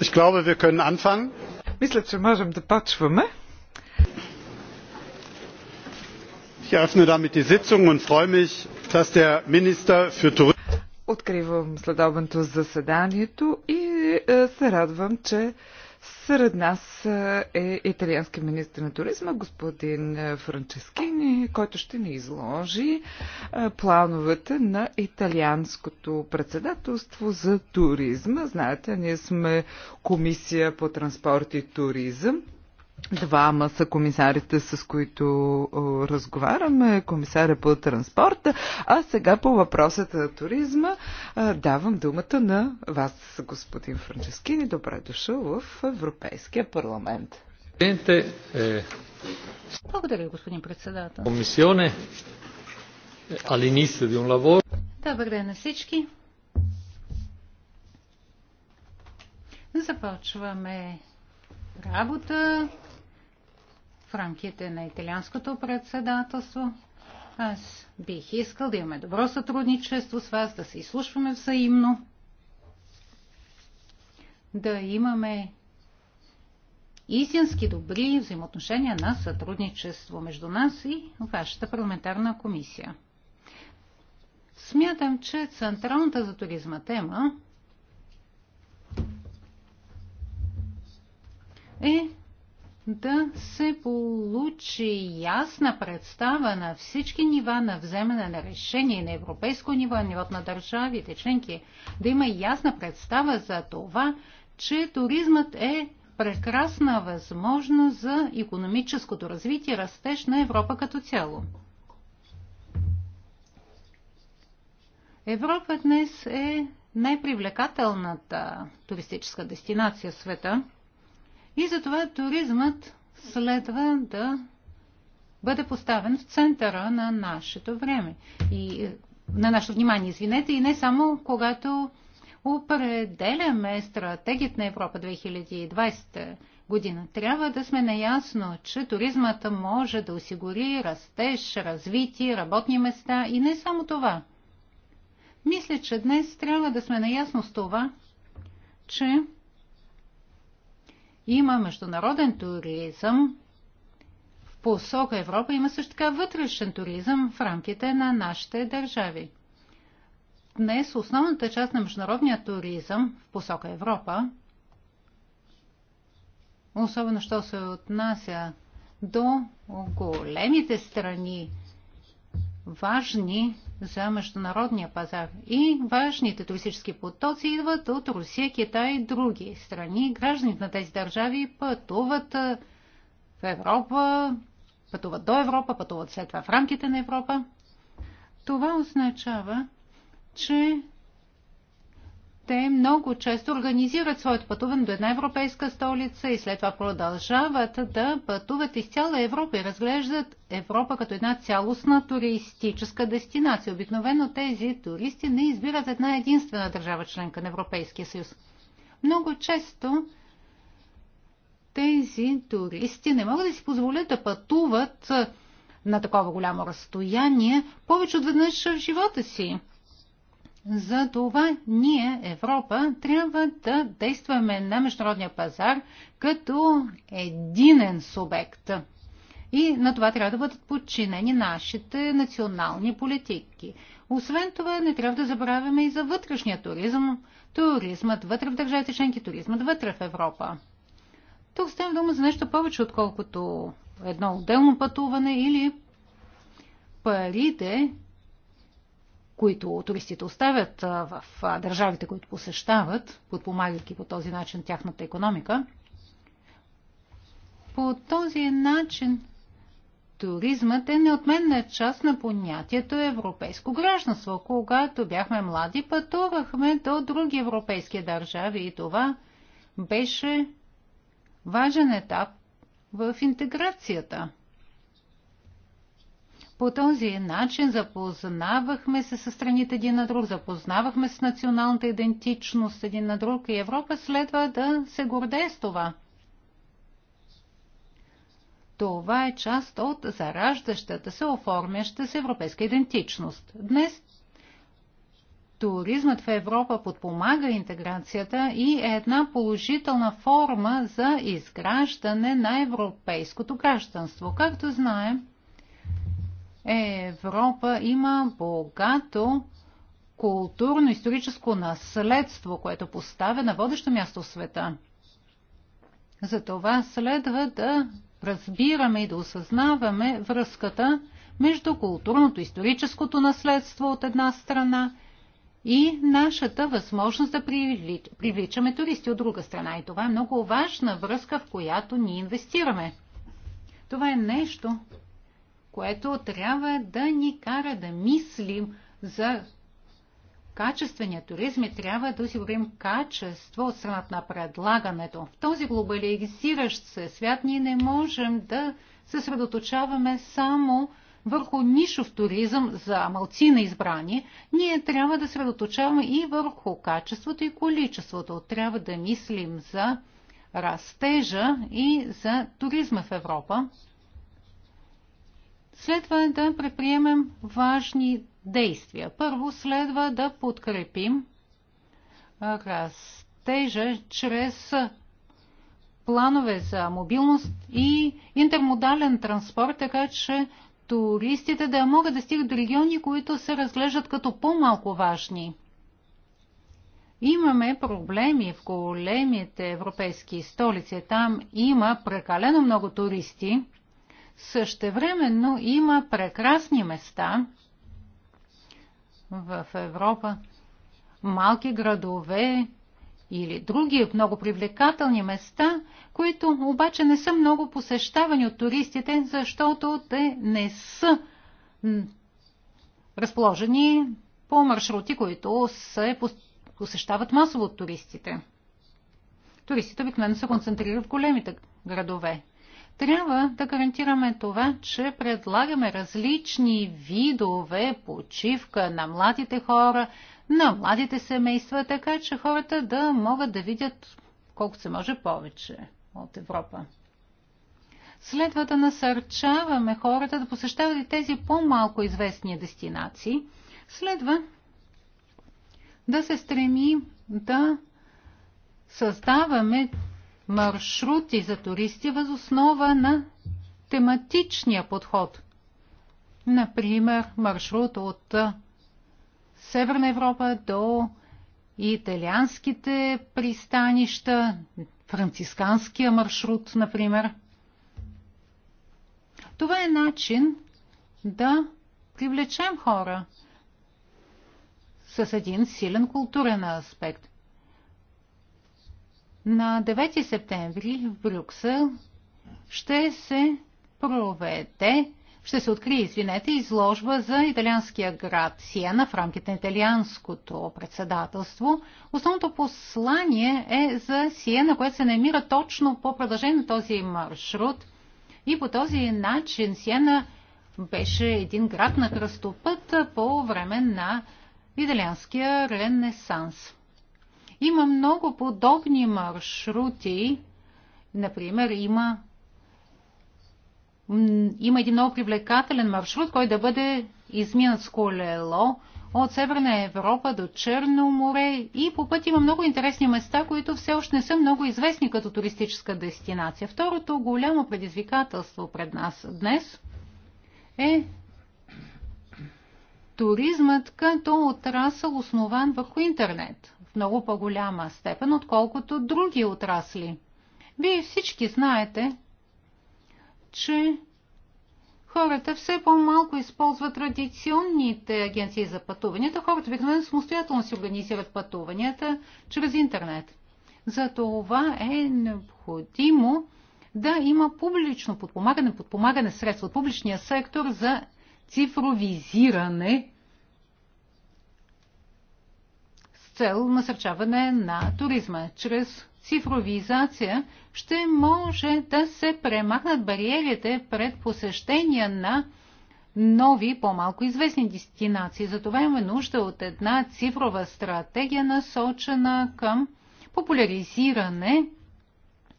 Ich glaube, wir können anfangen. Ich eröffne damit die Sitzung und freue mich, dass der Minister für Tourismus Откривам следобното заседанието и се радвам, че сред нас е, е италиански министр на туризма, господин е, Франческини, който ще ни изложи е, плановете на италианското председателство за туризма. Знаете, ние сме комисия по транспорт и туризъм. Двама са комисарите, с които разговаряме, комисаря е по транспорта, а сега по въпросата на туризма давам думата на вас, господин Франческини. Добре дошъл в Европейския парламент. Е, Благодаря, господин председател. Комисионе, all'inizio di un лавор. Добър ден на всички. Започваме работа в рамките на италианското председателство. Аз бих искал да имаме добро сътрудничество с вас, да се изслушваме взаимно, да имаме истински добри взаимоотношения на сътрудничество между нас и вашата парламентарна комисия. Смятам, че централната за туризма тема е да се получи ясна представа на всички нива на вземане на решение на европейско ниво, на нивото на държавите членки, да има ясна представа за това, че туризмът е прекрасна възможност за економическото развитие и растеж на Европа като цяло. Европа днес е най-привлекателната туристическа дестинация в света – и затова туризмът следва да бъде поставен в центъра на нашето време и е, на нашето внимание, извинете, и не само когато определяме стратегията на Европа 2020 година. Трябва да сме наясно, че туризмата може да осигури растеж, развитие, работни места и не само това. Мисля, че днес трябва да сме наясно с това, че има международен туризъм в посока Европа. Има също така вътрешен туризъм в рамките на нашите държави. Днес основната част на международния туризъм в посока Европа, особено що се отнася до големите страни важни за международния пазар. И важните туристически потоци идват от Русия, Китай и други страни. Гражданите на тези държави пътуват в Европа, пътуват до Европа, пътуват след това в рамките на Европа. Това означава, че те много често организират своето пътуване до една европейска столица и след това продължават да пътуват из цяла Европа и разглеждат Европа като една цялостна туристическа дестинация. Обикновено тези туристи не избират една единствена държава членка на Европейския съюз. Много често тези туристи не могат да си позволят да пътуват на такова голямо разстояние повече от веднъж в живота си. За това ние, Европа, трябва да действаме на международния пазар като единен субект. И на това трябва да бъдат подчинени нашите национални политики. Освен това, не трябва да забравяме и за вътрешния туризъм, туризмът вътре в държавите членки, туризмът вътре в Европа. Тук става дума за нещо повече, отколкото едно отделно пътуване или парите, които туристите оставят в държавите, които посещават, подпомагайки по този начин тяхната економика. По този начин туризмът е неотменна част на понятието европейско гражданство. Когато бяхме млади, пътувахме до други европейски държави и това беше важен етап в интеграцията. По този начин запознавахме се с страните един на друг, запознавахме с националната идентичност един на друг и Европа следва да се гордее с това. Това е част от зараждащата се, оформяща се европейска идентичност. Днес туризмът в Европа подпомага интеграцията и е една положителна форма за изграждане на европейското гражданство. Както знаем, Европа има богато културно-историческо наследство, което поставя на водещо място в света. Затова следва да разбираме и да осъзнаваме връзката между културното-историческото наследство от една страна и нашата възможност да привличаме туристи от друга страна. И това е много важна връзка, в която ние инвестираме. Това е нещо, което трябва да ни кара да мислим за качествения туризъм и трябва да осигурим качество от страната на предлагането. В този глобализиращ се свят ние не можем да се съсредоточаваме само върху нишов туризъм за малци на избрани, ние трябва да средоточаваме и върху качеството и количеството. Трябва да мислим за растежа и за туризма в Европа следва да предприемем важни действия. Първо следва да подкрепим растежа чрез планове за мобилност и интермодален транспорт, така че туристите да могат да стигат до региони, които се разглеждат като по-малко важни. Имаме проблеми в големите европейски столици. Там има прекалено много туристи Същевременно има прекрасни места в Европа, малки градове или други много привлекателни места, които обаче не са много посещавани от туристите, защото те не са разположени по маршрути, които се посещават масово от туристите. Туристите обикновено се концентрират в големите градове. Трябва да гарантираме това, че предлагаме различни видове почивка на младите хора, на младите семейства, така че хората да могат да видят колко се може повече от Европа. Следва да насърчаваме хората да посещават и тези по-малко известни дестинации. Следва да се стремим да създаваме маршрути за туристи въз основа на тематичния подход. Например, маршрут от Северна Европа до италианските пристанища, францисканския маршрут, например. Това е начин да привлечем хора с един силен културен аспект. На 9 септември в Брюксел ще се проведе, ще се открие, извинете, изложба за италианския град Сиена в рамките на италианското председателство. Основното послание е за Сиена, което се намира точно по продължение на този маршрут. И по този начин Сиена беше един град на кръстопът по време на италианския ренесанс. Има много подобни маршрути. Например, има има един много привлекателен маршрут, който да бъде изминат с колело от Северна Европа до Черно море и по път има много интересни места, които все още не са много известни като туристическа дестинация. Второто голямо предизвикателство пред нас днес е туризмът като отрасъл основан върху интернет в много по-голяма степен, отколкото други отрасли. Вие всички знаете, че хората все по-малко използват традиционните агенции за пътуванията. Хората обикновено самостоятелно си организират пътуванията чрез интернет. За това е необходимо да има публично подпомагане, подпомагане средства от публичния сектор за цифровизиране цел насърчаване на туризма. Чрез цифровизация ще може да се премахнат бариерите пред посещения на нови, по-малко известни дестинации. Затова имаме нужда от една цифрова стратегия, насочена към популяризиране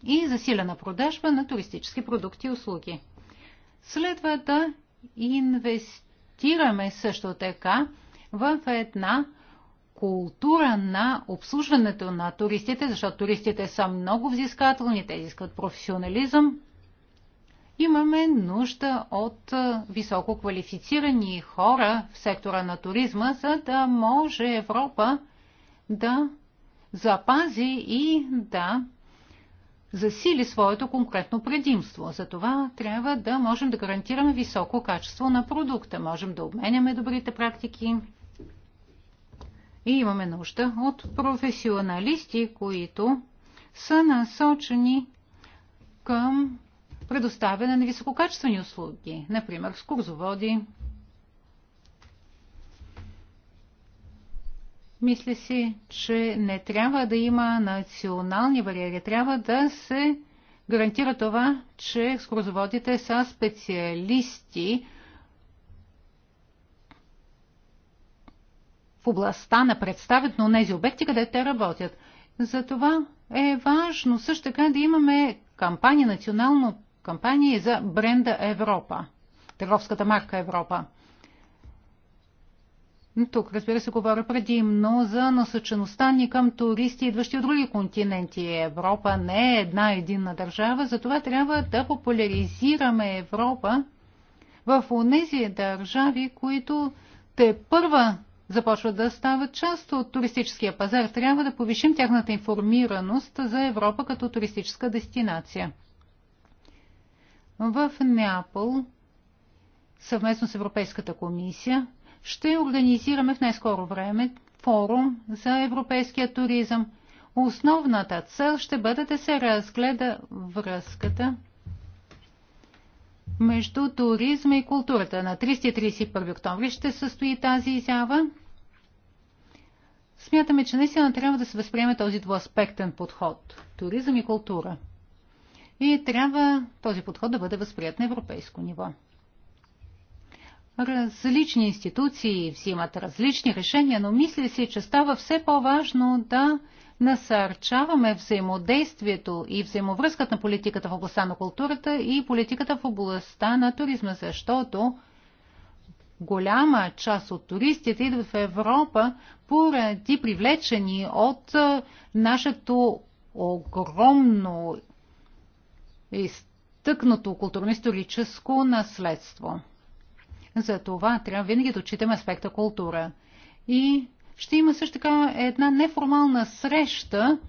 и засилена продажба на туристически продукти и услуги. Следва да инвестираме също така в една култура на обслужването на туристите, защото туристите са много взискателни, те искат професионализъм. Имаме нужда от високо квалифицирани хора в сектора на туризма, за да може Европа да запази и да засили своето конкретно предимство. това трябва да можем да гарантираме високо качество на продукта, можем да обменяме добрите практики, и имаме нужда от професионалисти, които са насочени към предоставяне на висококачествени услуги, например курзоводи. Мисля си, че не трябва да има национални бариери. Трябва да се гарантира това, че екскурзоводите са специалисти, в областта на представят на тези обекти, където те работят. Затова е важно също така да имаме кампания, национално кампания за бренда Европа, търговската марка Европа. Тук, разбира се, говоря предимно за насъчеността ни към туристи, идващи от други континенти. Европа не е една единна държава, затова трябва да популяризираме Европа в тези държави, които те първа започват да стават част от туристическия пазар. Трябва да повишим тяхната информираност за Европа като туристическа дестинация. В Неапол съвместно с Европейската комисия ще организираме в най-скоро време форум за европейския туризъм. Основната цел ще бъде да се разгледа връзката между туризма и културата. На 30-31 октомври ще състои тази изява. Смятаме, че наистина трябва да се възприеме този двуаспектен подход – туризъм и култура. И трябва този подход да бъде възприят на европейско ниво. Различни институции взимат различни решения, но мисля си, че става все по-важно да насърчаваме взаимодействието и взаимовръзката на политиката в областта на културата и политиката в областта на туризма, защото голяма част от туристите идват в Европа поради привлечени от нашето огромно изтъкнато културно-историческо наследство. За това трябва винаги да отчитаме аспекта култура. И ще има също така една неформална среща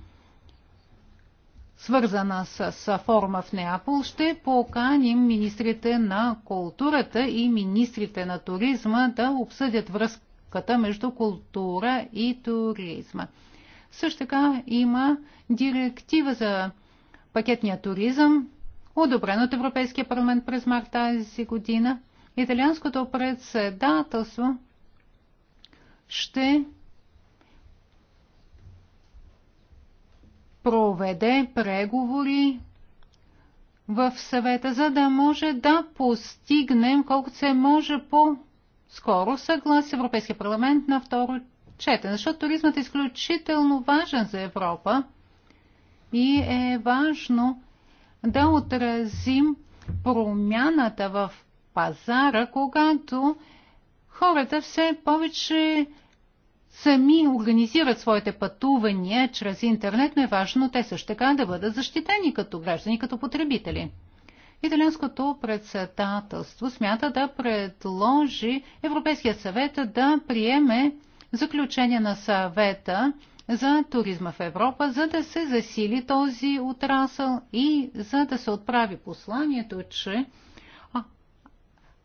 свързана с форума в Неапол, ще поканим министрите на културата и министрите на туризма да обсъдят връзката между култура и туризма. Също така има директива за пакетния туризъм, одобрен от Европейския парламент през март тази година. Италианското председателство ще проведе преговори в съвета, за да може да постигнем колкото се може по-скоро съглас Европейския парламент на второ четене, защото туризмът е изключително важен за Европа и е важно да отразим промяната в пазара, когато хората все повече сами организират своите пътувания чрез интернет, но е важно те също така да бъдат защитени като граждани, като потребители. Италианското председателство смята да предложи Европейския съвет да приеме заключение на съвета за туризма в Европа, за да се засили този отрасъл и за да се отправи посланието, че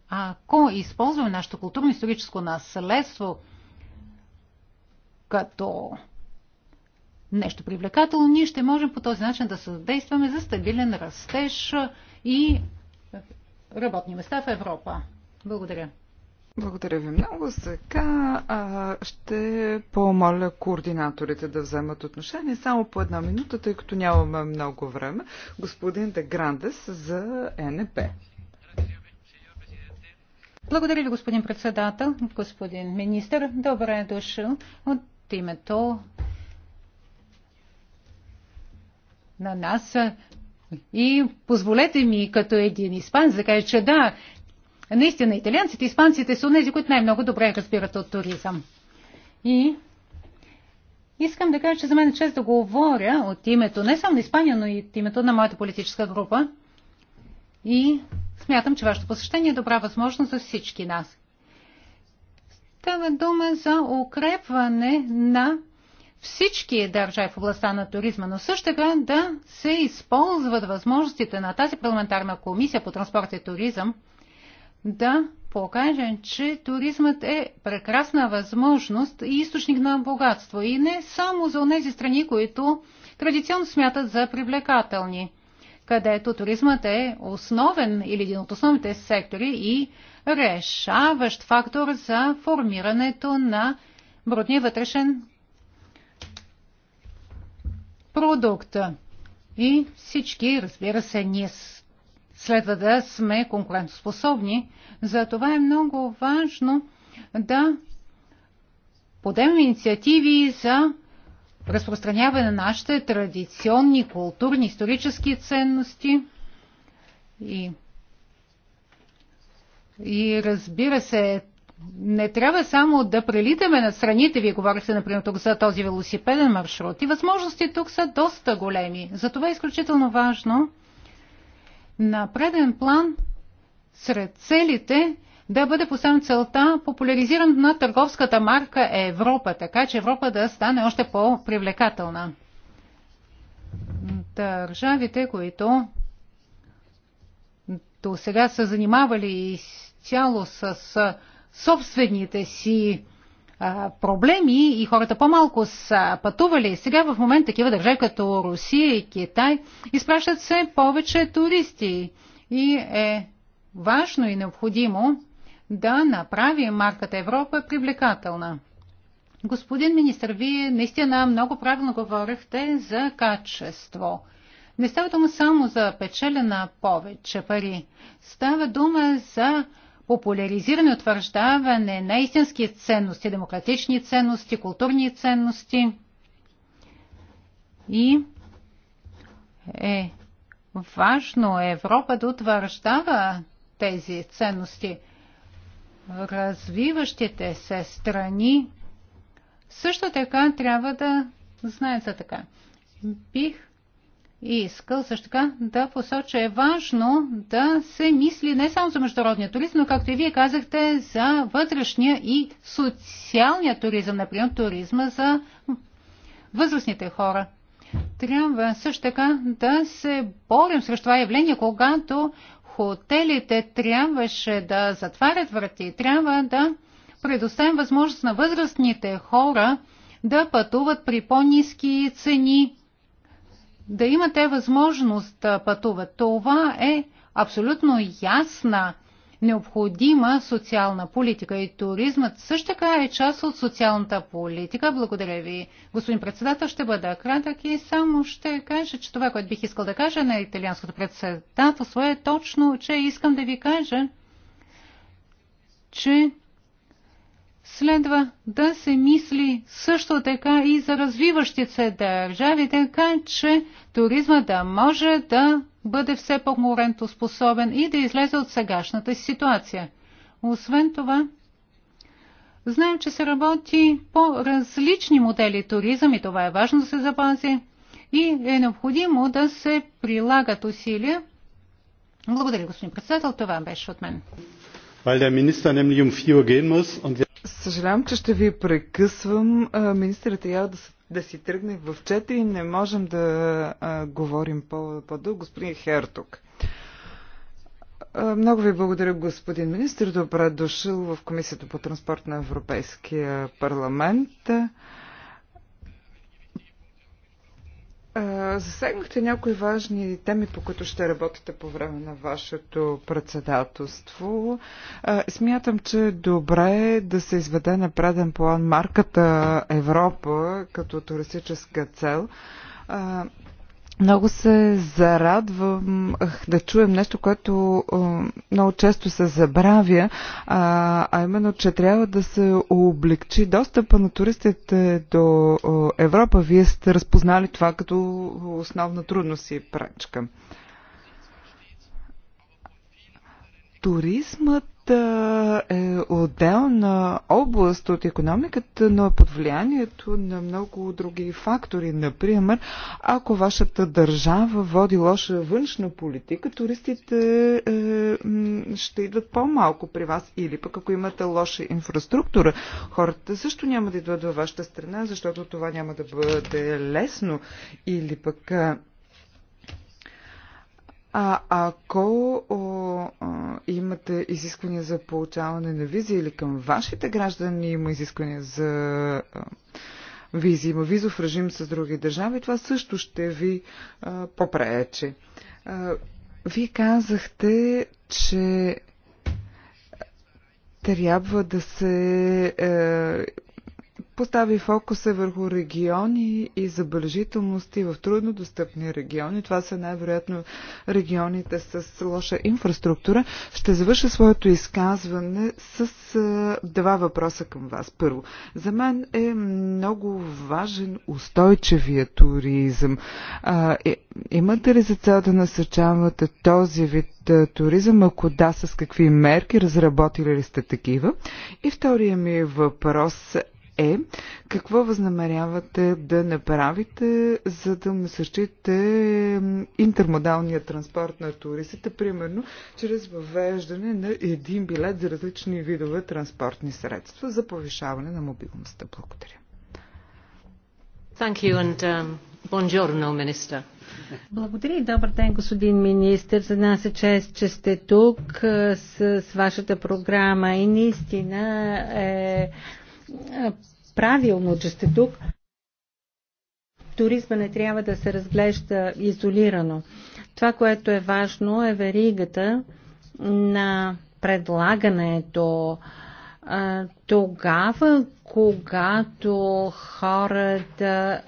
ако използваме нашето културно-историческо наследство – като нещо привлекателно, ние ще можем по този начин да съдействаме за стабилен растеж и работни места в Европа. Благодаря. Благодаря ви много. Сега а, ще помоля координаторите да вземат отношение само по една минута, тъй като нямаме много време. Господин Де Грандес за НП. Благодаря ви, господин председател, господин министр. Добре е дошъл. От от името на нас. И позволете ми като един испанец да кажа, че да, наистина италианците, испанците са тези, които най-много добре разбират от туризъм. И искам да кажа, че за мен е чест да говоря от името не само на Испания, но и от името на моята политическа група. И смятам, че вашето посещение е добра възможност за всички нас. Става дума за укрепване на всички държави в областта на туризма, но също така да се използват възможностите на тази парламентарна комисия по транспорт и туризъм да покаже, че туризмът е прекрасна възможност и източник на богатство. И не само за тези страни, които традиционно смятат за привлекателни, където туризмът е основен или един от основните сектори и решаващ фактор за формирането на брудния вътрешен продукт. И всички, разбира се, ние следва да сме конкурентоспособни. Затова е много важно да подемем инициативи за разпространяване на нашите традиционни, културни, исторически ценности. И и разбира се, не трябва само да прелитаме на страните. Вие говорихте, например, тук за този велосипеден маршрут. И възможности тук са доста големи. Затова е изключително важно на преден план сред целите да бъде поставен целта популяризиран на търговската марка Европа, така че Европа да стане още по-привлекателна. Държавите, които до сега са занимавали и изцяло с собствените си проблеми и хората по-малко са пътували. Сега в момент такива държави като Русия и Китай изпращат се повече туристи и е важно и необходимо да направи марката Европа привлекателна. Господин министр, вие наистина много правилно говорихте за качество. Не става дума само за печелена повече пари. Става дума за популяризиране, утвърждаване на истински ценности, демократични ценности, културни ценности и е важно Европа да утвърждава тези ценности. Развиващите се страни също така трябва да знаят за така. Бих и искал също така да посоча е важно да се мисли не само за международния туризъм, но както и вие казахте, за вътрешния и социалния туризъм, например туризма за възрастните хора. Трябва също така да се борим срещу това явление, когато хотелите трябваше да затварят врати, трябва да предоставим възможност на възрастните хора да пътуват при по-низки цени да имате възможност да пътуват. Това е абсолютно ясна необходима социална политика и туризмът също така е част от социалната политика. Благодаря ви, господин председател. Ще бъда кратък и само ще кажа, че това, което бих искал да кажа на италианското председателство е точно, че искам да ви кажа, че следва да се мисли също така и за развиващите се държави, така че туризма да може да бъде все по-конкурентоспособен и да излезе от сегашната ситуация. Освен това, знаем, че се работи по различни модели туризъм и това е важно да се запази и е необходимо да се прилагат усилия. Благодаря, господин председател. Това беше от мен. Weil der Minister nämlich um 4 Uhr gehen muss und Съжалявам, че ще ви прекъсвам. Министърът трябва е да, да си тръгне в 4 и не можем да а, говорим по-дълго. По господин Хертук. Много ви благодаря, господин министр. Добре дошъл в Комисията по транспорт на Европейския парламент. Засегнахте някои важни теми, по които ще работите по време на вашето председателство. Смятам, че е добре да се изведе на преден план марката Европа като туристическа цел. Много се зарадвам да чуем нещо, което много често се забравя, а, именно, че трябва да се облегчи достъпа на туристите до Европа. Вие сте разпознали това като основна трудност и пречка. Туризмът е отделна област от економиката, но е под влиянието на много други фактори. Например, ако вашата държава води лоша външна политика, туристите е, ще идват по-малко при вас. Или пък ако имате лоша инфраструктура, хората също няма да идват във вашата страна, защото това няма да бъде лесно. Или пък е, а ако о, о, имате изисквания за получаване на визи или към вашите граждани има изисквания за визи, има визов режим с други държави, това също ще ви а, попречи. вие казахте, че трябва да се е, постави фокуса върху региони и забележителности в трудно достъпни региони. Това са най-вероятно регионите с лоша инфраструктура. Ще завърша своето изказване с два въпроса към вас. Първо, за мен е много важен устойчивия туризъм. А, е, имате ли за цел да насъчавате този вид туризъм? Ако да, с какви мерки? Разработили ли сте такива? И втория ми въпрос е какво възнамерявате да направите, за да насърчите интермодалния транспорт на туристите, примерно чрез въвеждане на един билет за различни видове транспортни средства за повишаване на мобилността. Благодаря. Thank you and, um, buongiorno, Minister. Благодаря и добър ден, господин министр. За нас е чест, че сте тук с, с вашата програма и наистина е правилно, че сте тук. Туризма не трябва да се разглежда изолирано. Това, което е важно, е веригата на предлагането, тогава, когато хората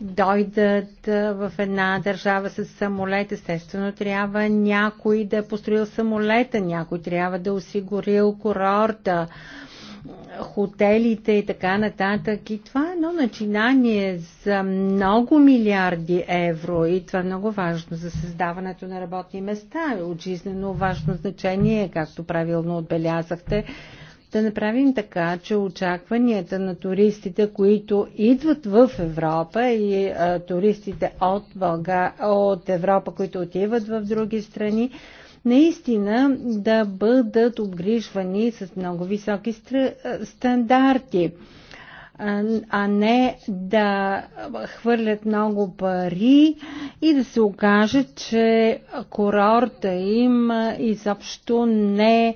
дойдат в една държава с самолет, естествено трябва някой да е построил самолета, някой трябва да е осигурил курорта, хотелите и така нататък. И това е едно начинание за много милиарди евро и това е много важно за създаването на работни места. От жизнено важно значение, както правилно отбелязахте, да направим така, че очакванията на туристите, които идват в Европа и а, е, туристите от, Бълга, от Европа, които отиват в други страни, наистина да бъдат обгрижвани с много високи стандарти а не да хвърлят много пари и да се окаже, че курорта им изобщо не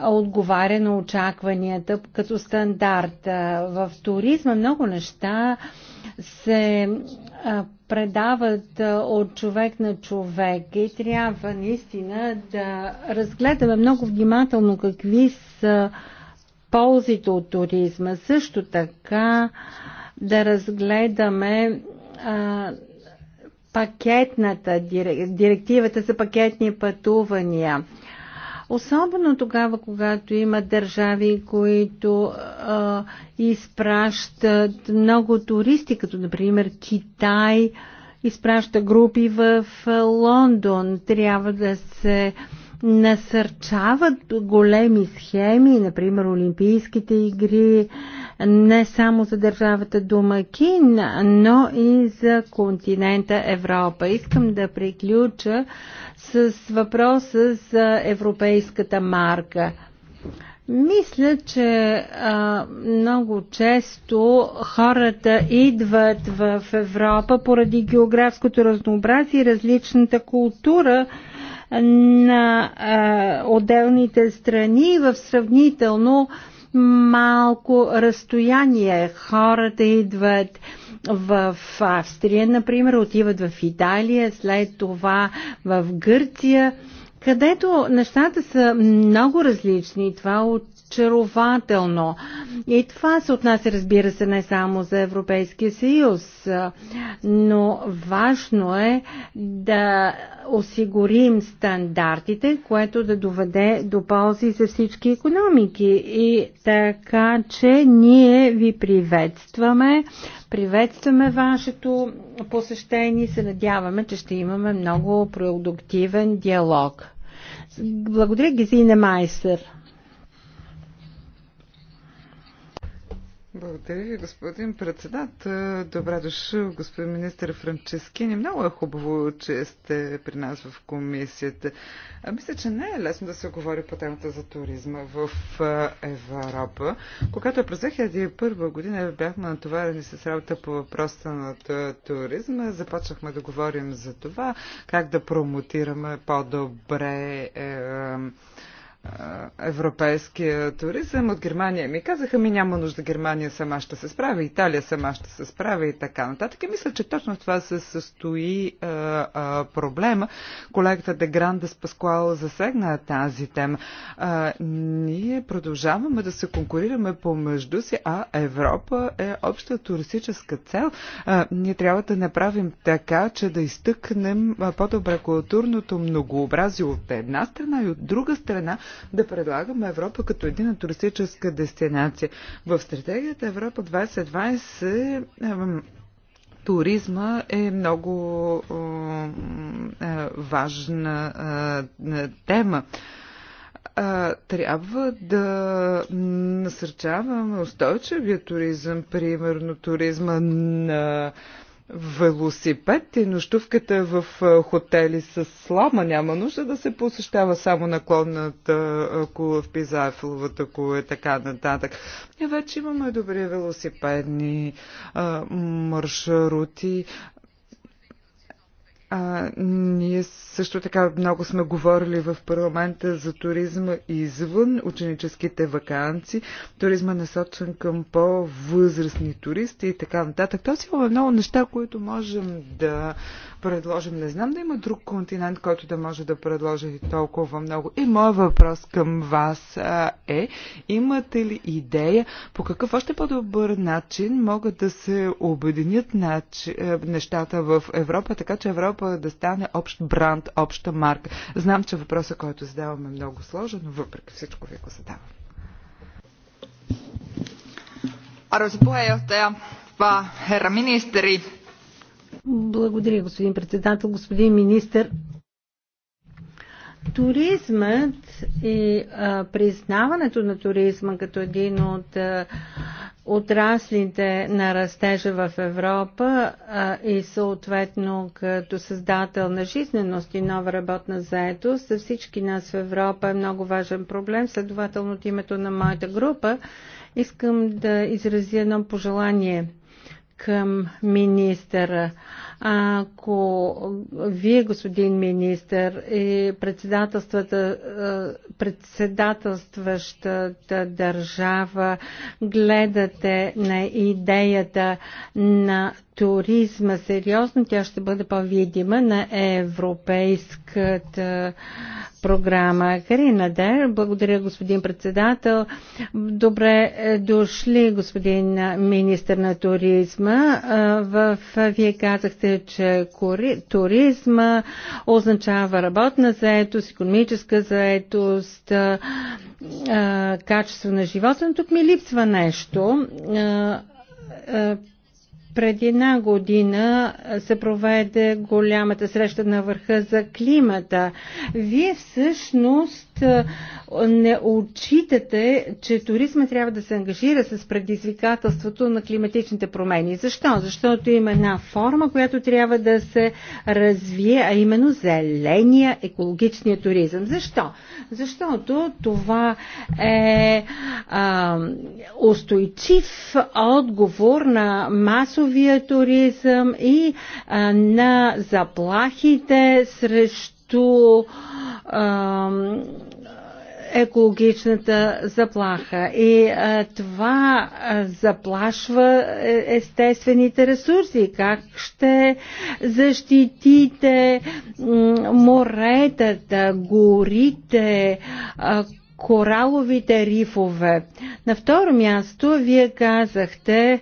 отговаря на очакванията като стандарт. В туризма много неща се предават от човек на човек и трябва наистина да разгледаме много внимателно какви са ползите от туризма. Също така да разгледаме а, пакетната директивата за пакетни пътувания. Особено тогава, когато има държави, които а, изпращат много туристи, като например Китай, изпраща групи в Лондон. Трябва да се а, насърчават големи схеми, например Олимпийските игри, не само за държавата Домакин, но и за континента Европа. Искам да приключа с въпроса за европейската марка. Мисля, че а, много често хората идват в Европа поради географското разнообразие и различната култура, на а, отделните страни в сравнително малко разстояние. Хората идват в Австрия, например, отиват в Италия, след това в Гърция където нещата са много различни. Това очарователно. И това се отнася, разбира се, не само за Европейския съюз, но важно е да осигурим стандартите, което да доведе до ползи за всички економики. И така, че ние ви приветстваме. Приветстваме вашето посещение и се надяваме, че ще имаме много продуктивен диалог. Благодаря, Гезина Майсър. Благодаря ви, господин председател. Добре дошъл, господин министър Франческини. Много е хубаво, че сте при нас в комисията. А мисля, че не е лесно да се говори по темата за туризма в Европа. Когато през 2001 година бяхме натоварени с работа по въпроса на туризма, започнахме да говорим за това, как да промотираме по-добре е, европейския туризъм от Германия. Ми казаха ми няма нужда Германия сама ще се справи, Италия сама ще се справи и така нататък. И мисля, че точно това се състои а, а, проблема. Колегата де Гранде Паскуал засегна тази тема. А, ние продължаваме да се конкурираме помежду си, а Европа е обща туристическа цел. А, ние трябва да направим така, че да изтъкнем по-добре културното многообразие от една страна и от друга страна да предлагаме Европа като едина туристическа дестинация. В стратегията Европа 2020 е, туризма е много важна тема трябва да насърчаваме устойчивия туризъм, примерно туризма на велосипед и нощувката в хотели с слама. Няма нужда да се посещава само наклонната кула в Пизафиловата кула и е така нататък. И вече имаме добри велосипедни маршрути. А, ние също така много сме говорили в парламента за туризма извън ученическите вакансии. Туризма е насочен към по-възрастни туристи и така нататък. Тоест имаме много неща, които можем да предложим. Не знам да има друг континент, който да може да предложи толкова много. И моят въпрос към вас а, е, имате ли идея по какъв още по-добър начин могат да се обединят е, нещата в Европа, така че Европа да стане общ бранд, обща марка? Знам, че въпросът, който задаваме е много сложен, но въпреки всичко ви го задавам. Arvoisa puheenjohtaja, herra ministeri, благодаря, господин председател, господин министр. Туризмът и а, признаването на туризма като един от а, отраслите на растежа в Европа а, и съответно като създател на жизненост и нова работна заетост за всички нас в Европа е много важен проблем. Следователно от името на моята група искам да изразя едно пожелание – към министъра. Ако вие, господин министр, и председателстващата държава гледате на идеята на туризма сериозно, тя ще бъде по-видима на европейската програма. Карина Дер, благодаря господин председател. Добре е, дошли господин министр на туризма. В, вие казахте, че туризма означава работна заетост, економическа заетост, качество на живота, но тук ми липсва нещо. Преди една година се проведе голямата среща на върха за климата. Вие всъщност не отчитате, че туризма трябва да се ангажира с предизвикателството на климатичните промени. Защо? Защото има една форма, която трябва да се развие, а именно зеления екологичния туризъм. Защо? Защото това е а, устойчив отговор на масовия туризъм и а, на заплахите срещу срещу а, екологичната заплаха. И а, това а, заплашва е, естествените ресурси. Как ще защитите моретата, горите, а, кораловите рифове? На второ място, вие казахте, а,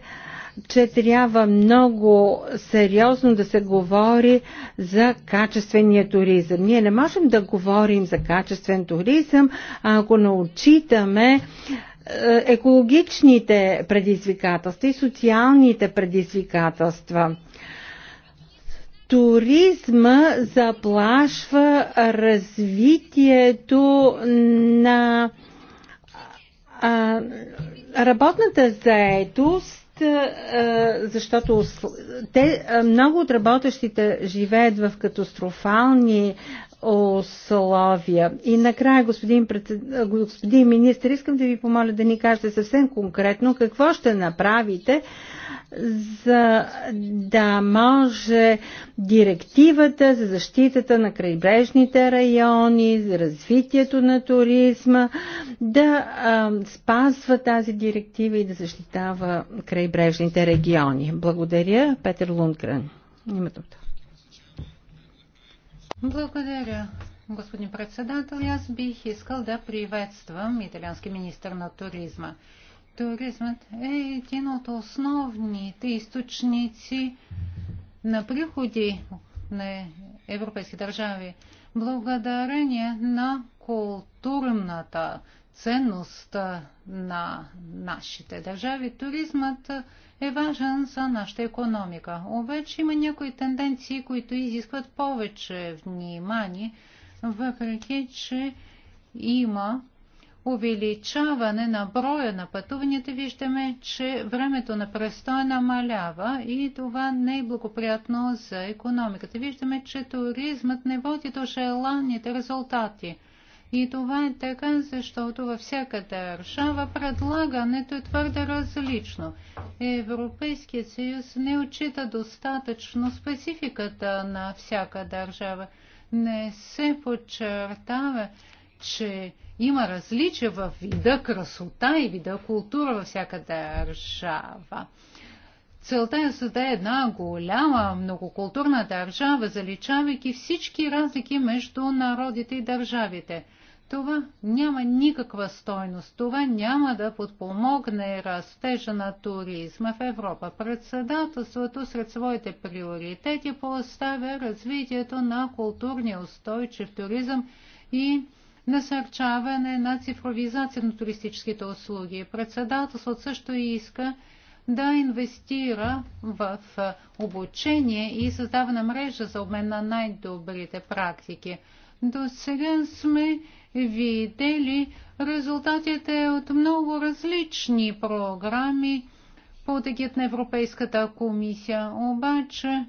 че трябва много сериозно да се говори за качествения туризъм. Ние не можем да говорим за качествен туризъм, ако не отчитаме е, екологичните предизвикателства и социалните предизвикателства. Туризма заплашва развитието на а, работната заетост е, защото те, е, много от работещите живеят в катастрофални условия. И накрая, господин, председ... господин министр, искам да ви помоля да ни кажете съвсем конкретно какво ще направите, за да може директивата за защитата на крайбрежните райони, за развитието на туризма, да а, спазва тази директива и да защитава крайбрежните региони. Благодаря, Петър Лундгрен. Името. Благодаря, господин председател. Аз бих искал да приветствам италиански министр на туризма туризмът е един от основните източници на приходи на европейски държави. Благодарение на културната ценност на нашите държави, туризмът е важен за нашата економика. Обаче има някои тенденции, които изискват повече внимание, въпреки че има увеличаване на броя на пътуванията виждаме, че времето на престой намалява и това не е благоприятно за економиката. Виждаме, че туризмът не води до желаните резултати. И това е така, защото във всяка държава предлагането е твърде различно. Европейският съюз не отчита достатъчно спецификата на всяка държава. Не се подчертава че има различия в вида красота и вида култура във всяка държава. Целта е да създаде една голяма многокултурна държава, заличавайки всички разлики между народите и държавите. Това няма никаква стойност. Това няма да подпомогне растежа на туризма в Европа. Председателството сред своите приоритети поставя развитието на културния устойчив туризъм и насърчаване на цифровизация на туристическите услуги. Председателството също иска да инвестира в обучение и създаване мрежа за обмен на най-добрите практики. До сега сме видели резултатите от много различни програми под егид на Европейската комисия. Обаче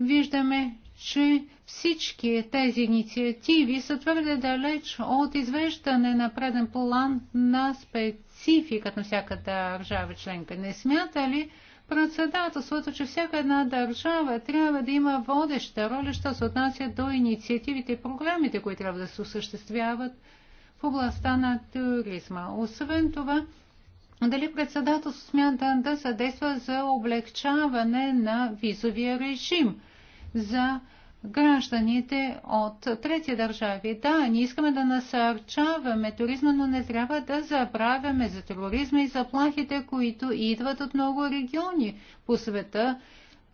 виждаме, че всички тези инициативи са твърде далеч от извеждане на преден план на спецификата на всяка държава членка. Не смята ли председателството, че всяка една държава трябва да има водеща роля, що се отнася до инициативите и програмите, които трябва да се осъществяват в областта на туризма. Освен това, дали председателството смята да съдейства за облегчаване на визовия режим за гражданите от трети държави. Да, ние искаме да насърчаваме туризма, но не трябва да забравяме за тероризма и заплахите, които идват от много региони по света,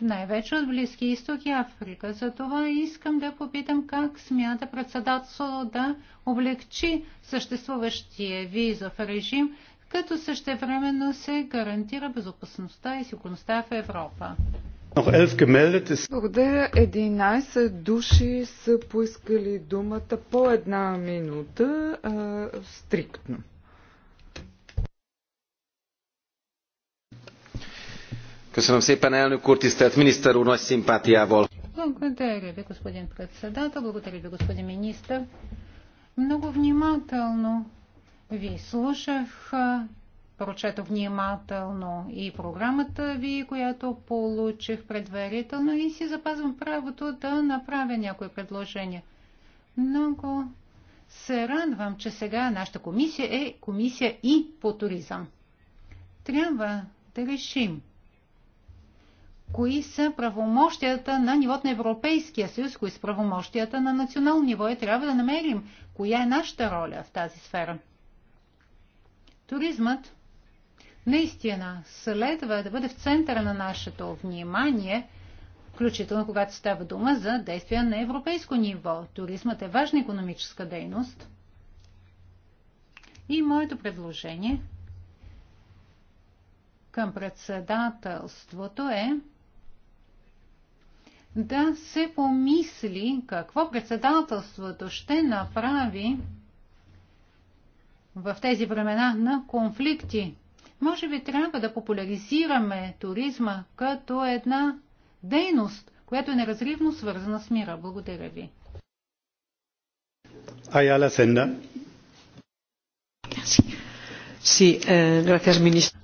най-вече от Близки изток и Африка. Затова искам да попитам как смята председателството да облегчи съществуващия визов режим, като същевременно се гарантира безопасността и сигурността в Европа. Благодаря. 11 души са поискали думата по една минута а, стриктно. Köszönöm szépen, elnök úr, tisztelt miniszter úr, nagy szimpátiával. Благодаря ви, господин председател, благодаря ви, господин министр. Много внимателно ви слушах прочетох внимателно и програмата ви, която получих предварително и си запазвам правото да направя някои предложения. Много се радвам, че сега нашата комисия е комисия и по туризъм. Трябва да решим кои са правомощията на нивото на Европейския съюз, кои са правомощията на национално ниво и трябва да намерим коя е нашата роля в тази сфера. Туризмът наистина следва да бъде в центъра на нашето внимание, включително когато става дума за действия на европейско ниво. Туризмът е важна економическа дейност. И моето предложение към председателството е да се помисли какво председателството ще направи в тези времена на конфликти може би трябва да популяризираме туризма като една дейност, която е неразривно свързана с мира. Благодаря ви. Аяла Сенда. Си, гратяж министр.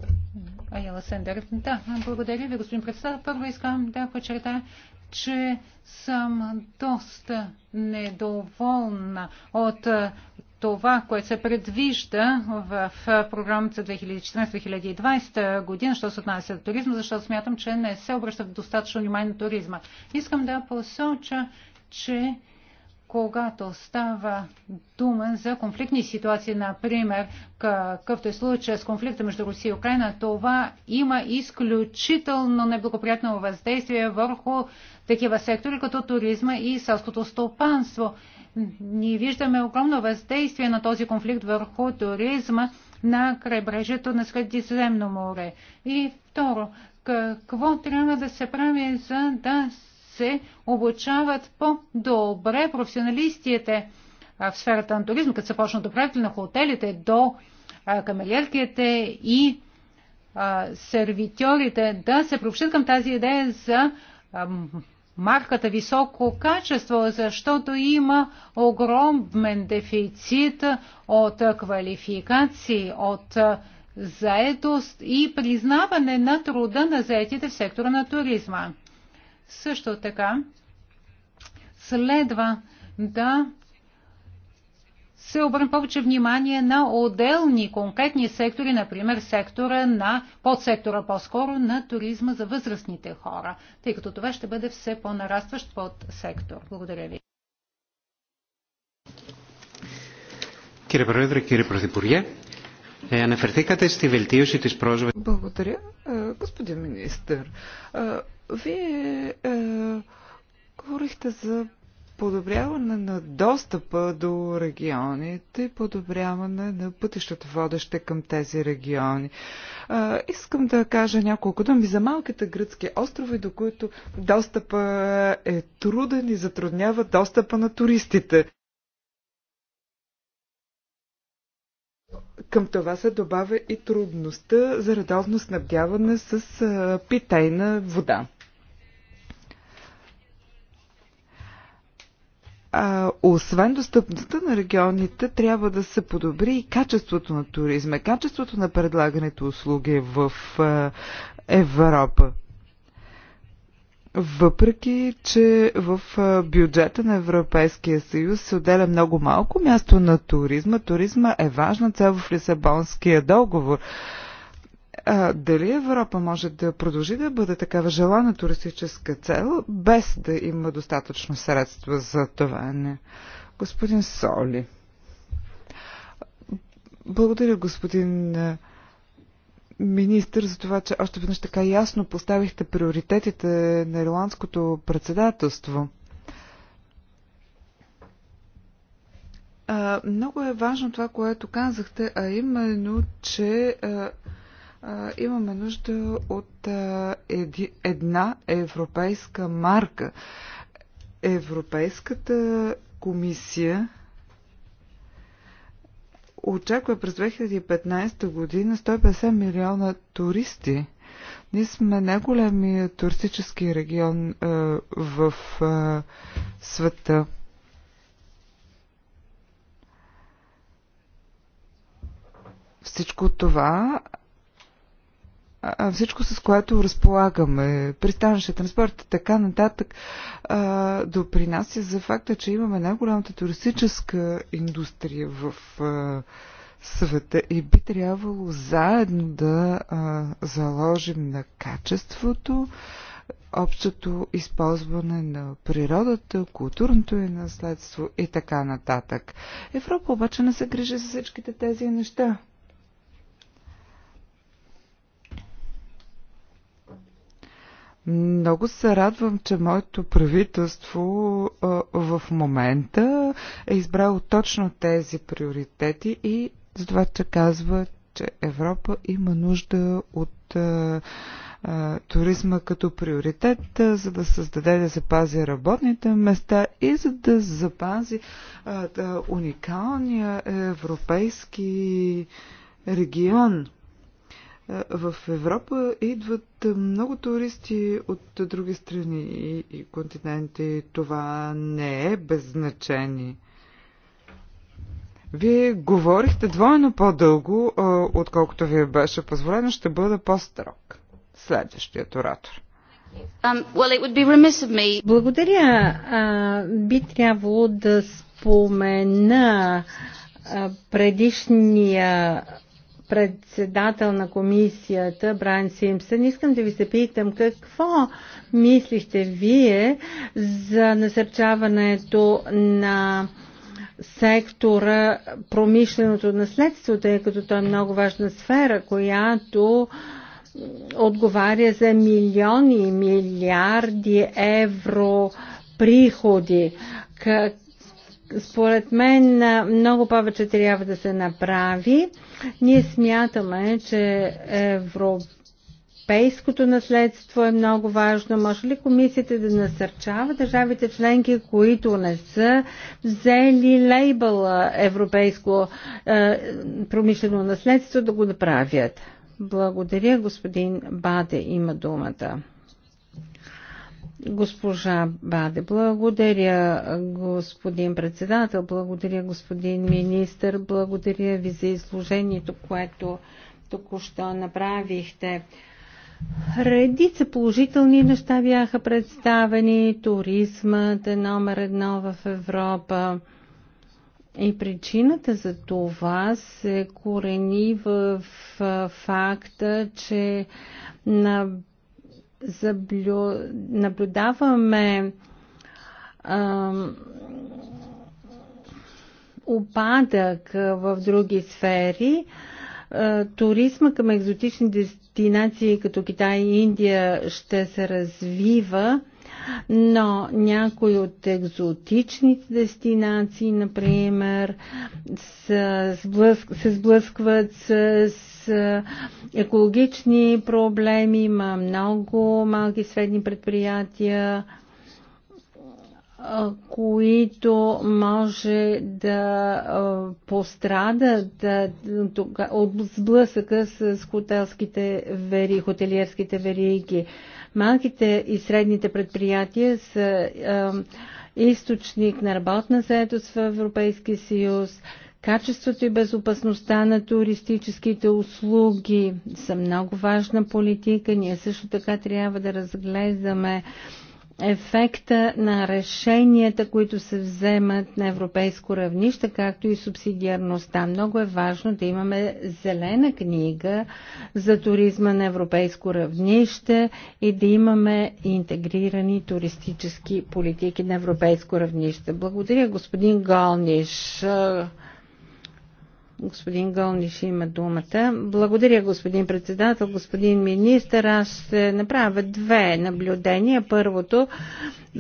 Аяла Сенда. Да, благодаря ви, господин председател. Първо искам да подчертая, че съм доста недоволна от това, което се предвижда в програмата за 2014-2020 година, що се отнася до туризма, защото смятам, че не се обръща достатъчно внимание на туризма. Искам да посоча, че когато става дума за конфликтни ситуации, например, какъвто е случая с конфликта между Русия и Украина, това има изключително неблагоприятно въздействие върху такива сектори, като туризма и селското стопанство ние виждаме огромно въздействие на този конфликт върху туризма на крайбрежието на Средиземно море. И второ, какво трябва да се прави, за да се обучават по-добре професионалистите в сферата на туризма, като се почнат от управителя на хотелите до камелерките и сервитьорите, да се приобщат към тази идея за марката високо качество, защото има огромен дефицит от квалификации, от заетост и признаване на труда на заетите в сектора на туризма. Също така следва да се обърне повече внимание на отделни конкретни сектори, например сектора на, подсектора по-скоро на туризма за възрастните хора, тъй като това ще бъде все по-нарастващ подсектор. Благодаря ви. Κύριε Πρόεδρε, κύριε Πρωθυπουργέ, ε, αναφερθήκατε στη βελτίωση της πρόσβασης... Благодаря, е, господин министр. Е, вие е, говорихте за подобряване на достъпа до регионите и подобряване на пътищата, водеща към тези региони. А, искам да кажа няколко думи за малките гръцки острови, до които достъпа е труден и затруднява достъпа на туристите. Към това се добавя и трудността за редовно снабдяване с питейна вода. А, освен достъпността на регионите, трябва да се подобри и качеството на туризма, качеството на предлаганите услуги в а, Европа. Въпреки, че в бюджета на Европейския съюз се отделя много малко място на туризма, туризма е важна цел в Лисабонския договор а, дали Европа може да продължи да бъде такава желана туристическа цел, без да има достатъчно средства за това? Не. Господин Соли. Благодаря, господин министр, за това, че още веднъж така ясно поставихте приоритетите на ирландското председателство. много е важно това, което казахте, а именно, че имаме нужда от една европейска марка. Европейската комисия очаква през 2015 година 150 милиона туристи. Ние сме най-големия туристически регион в света. Всичко това а, всичко с което разполагаме, пристанище, транспорт и така нататък, а, допринася за факта, че имаме най-голямата туристическа индустрия в а, света и би трябвало заедно да а, заложим на качеството, общото използване на природата, културното и наследство и така нататък. Европа обаче не се грижи за всичките тези неща. Много се радвам, че моето правителство в момента е избрало точно тези приоритети и затова, че казва, че Европа има нужда от туризма като приоритет, за да създаде да запази работните места и за да запази да, уникалния европейски регион. В Европа идват много туристи от други страни и континенти. Това не е без значение. Вие говорихте двойно по-дълго, отколкото ви беше позволено. Ще бъда по-строг. Следващият оратор. Um, Благодаря. би трябвало да спомена предишния председател на комисията Брайан Симпсън, искам да ви се питам, какво мислихте вие за насърчаването на сектора промишленото наследство, тъй като то е много важна сфера, която отговаря за милиони и милиарди евро приходи. Как, според мен много повече трябва да се направи. Ние смятаме, че европейското наследство е много важно. Може ли комисията да насърчава държавите членки, които не са взели лейбъл европейско е, промишлено наследство, да го направят? Благодаря, господин Баде има думата. Госпожа Баде, благодаря господин председател, благодаря господин министр, благодаря ви за изложението, което току-що направихте. Редица положителни неща бяха представени. Туризмът е номер едно в Европа. И причината за това се корени в факта, че на заблю... наблюдаваме опадък упадък в други сфери, туризма към екзотични дестинации като Китай и Индия ще се развива, но някои от екзотичните дестинации, например, се сблъскват с екологични проблеми, има много малки и средни предприятия, които може да пострадат от сблъсъка с хотелските вери, хотелиерските вериги. Малките и средните предприятия са източник на работна заедост в Европейския съюз Качеството и безопасността на туристическите услуги са много важна политика. Ние също така трябва да разглеждаме ефекта на решенията, които се вземат на европейско равнище, както и субсидиарността. Много е важно да имаме зелена книга за туризма на европейско равнище и да имаме интегрирани туристически политики на европейско равнище. Благодаря, господин Голниш. Господин Гълниш има думата. Благодаря, господин председател, господин министър. Аз ще направя две наблюдения. Първото,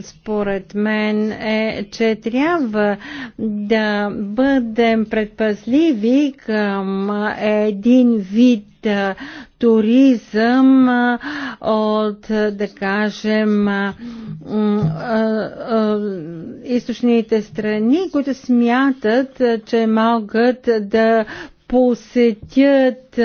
според мен, е, че трябва да бъдем предпазливи към един вид туризъм, от, да кажем, източните страни, които смятат, че могат да посетят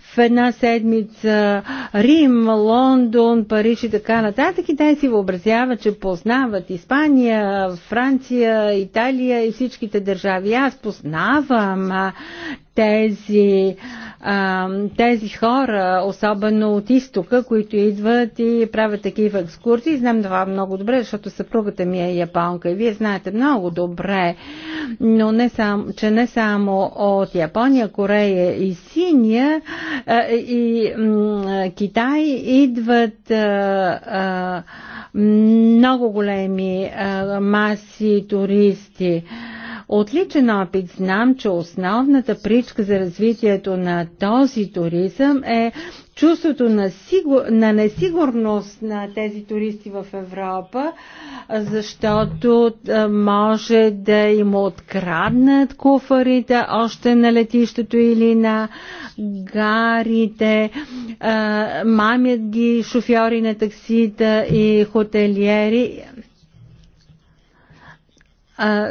в една седмица Рим, Лондон, Париж и така нататък. И те си въобразяват, че познават Испания, Франция, Италия и всичките държави. Аз познавам тези, а, тези хора, особено от изтока, които идват и правят такива екскурзии. Знам това много добре, защото съпругата ми е японка и вие знаете много добре, но не сам, че не само от Япония, Корея и Синия а, и м, Китай идват а, а, много големи а, маси туристи. А, от личен опит знам, че основната причка за развитието на този туризъм е чувството на, сигур... на несигурност на тези туристи в Европа, защото е, може да им откраднат куфарите още на летището или на гарите, е, мамят ги шофьори на таксита и хотелиери. А,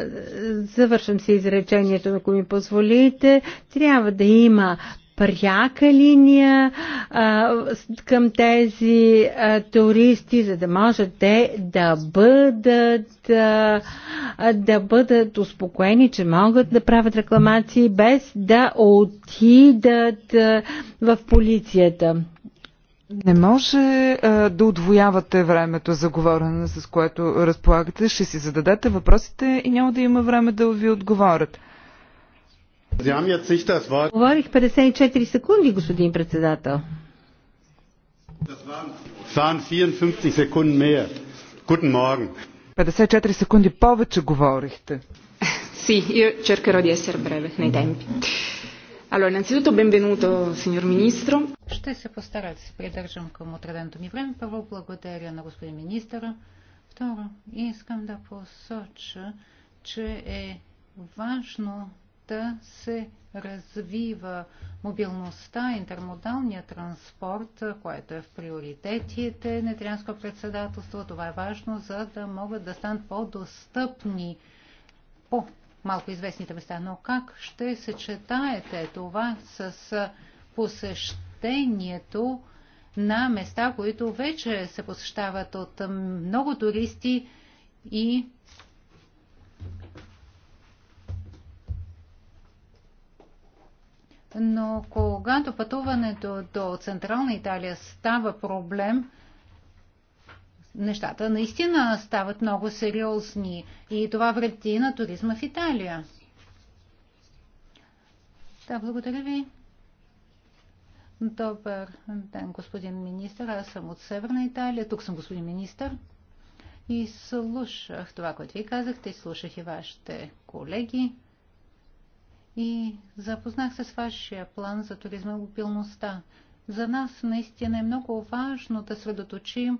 завършвам си изречението, ако ми позволите. Трябва да има пряка линия а, към тези а, туристи, за да може те да бъдат, а, да бъдат успокоени, че могат да правят рекламации без да отидат а, в полицията. Не може а, да отвоявате времето за говорене, с което разполагате. Ще си зададете въпросите и няма да има време да ви отговорят. Говорих 54 секунди, господин председател. 54 Guten Morgen. 54 секунди повече говорихте. Sì, io cercherò di essere breve nei tempi. Allora, innanzitutto benvenuto, signor Ministro. Ще се постарая да се придържам към отреденото ми време. Първо, благодаря на господин министъра. Второ, искам да посоча, че е важно да се развива мобилността, интермодалния транспорт, което е в приоритетите на Италианското председателство. Това е важно, за да могат да станат по-достъпни по малко известните места, но как ще съчетаете това с посещението на места, които вече се посещават от много туристи и Но когато пътуването до Централна Италия става проблем, нещата наистина стават много сериозни и това вреди на туризма в Италия. Да, благодаря ви. Добър ден, господин министр. Аз съм от Северна Италия. Тук съм господин министр. И слушах това, което ви казахте, и слушах и вашите колеги. И запознах се с вашия план за туризма и мобилността. За нас наистина е много важно да средоточим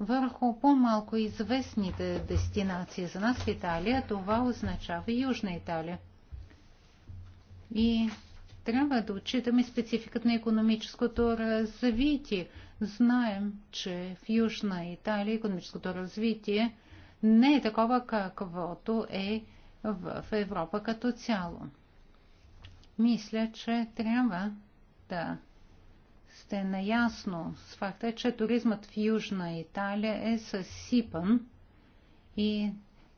върху по-малко известните дестинации. За нас в Италия това означава Южна Италия. И трябва да отчитаме спецификата на економическото развитие. Знаем, че в Южна Италия економическото развитие не е такова, каквото е в Европа като цяло. Мисля, че трябва да сте наясно с факта, че туризмът в Южна Италия е съсипан и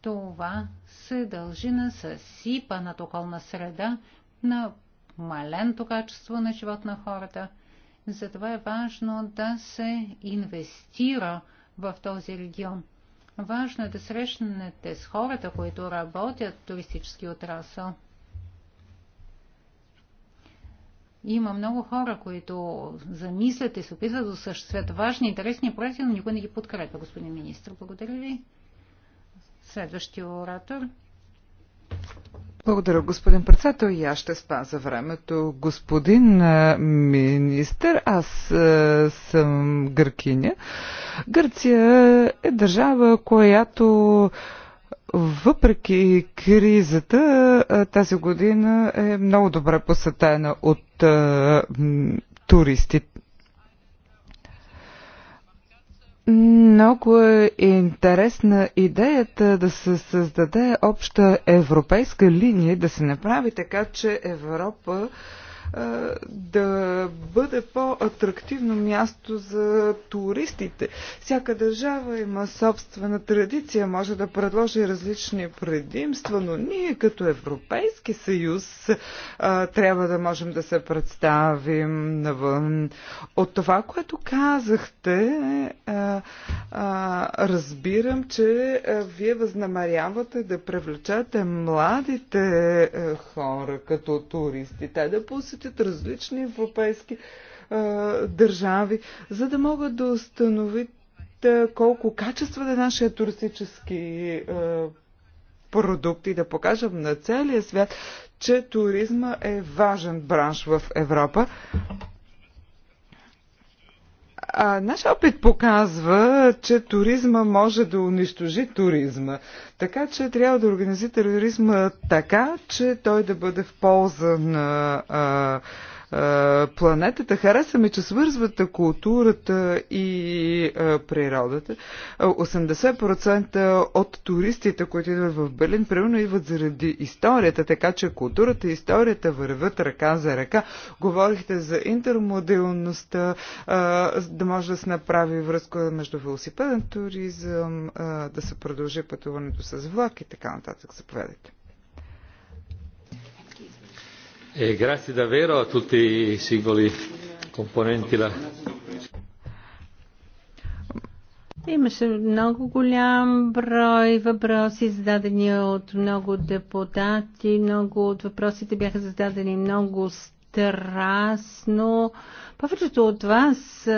това се дължи на съсипаната околна среда, на маленто качество на живот на хората. Затова е важно да се инвестира в този регион. Важно е да срещнете с хората, които работят в туристически отрасъл. Има много хора, които замислят и се опитват да осъществят важни, интересни проекти, но никой не ги подкрепя, господин министр. Благодаря ви. Следващия оратор. Благодаря, господин председател. И аз ще спаза времето. Господин министр, аз съм гъркиня. Гърция е държава, която въпреки кризата, тази година е много добре посетена от туристи. Много е интересна идеята да се създаде обща европейска линия, да се направи така, че Европа да бъде по-атрактивно място за туристите. Всяка държава има собствена традиция, може да предложи различни предимства, но ние като Европейски съюз трябва да можем да се представим навън. От това, което казахте, разбирам, че вие възнамерявате да привлечете младите хора като туристи, те да посетят посетят различни европейски а, държави, за да могат да установят колко да е нашия туристически а, продукт и да покажем на целия свят, че туризма е важен бранш в Европа. А, наш опит показва, че туризма може да унищожи туризма. Така че трябва да организи тероризма така, че той да бъде в полза на а, планетата. Хареса ми, че свързвате културата и природата. 80% от туристите, които идват в Берлин, примерно идват заради историята, така че културата и историята върват ръка за ръка. Говорихте за интермоделността, да може да се направи връзка между велосипеден туризъм, да се продължи пътуването с влак и така нататък. Заповядайте. E grazie davvero a tutti i singoli componenti Имаше много голям брой въпроси, зададени от много депутати. Много от въпросите бяха зададени много страстно. Повечето от вас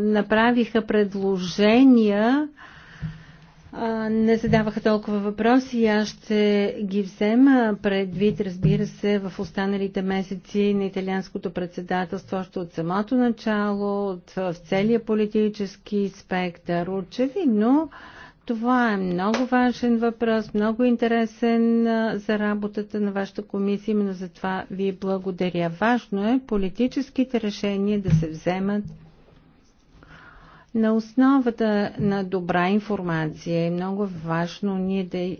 направиха предложения не задаваха толкова въпроси. Аз ще ги взема предвид, разбира се, в останалите месеци на италианското председателство, още от самото начало, от, в целия политически спектър. Очевидно, това е много важен въпрос, много интересен за работата на вашата комисия. Именно за това ви благодаря. Важно е политическите решения да се вземат на основата на добра информация е много важно ние да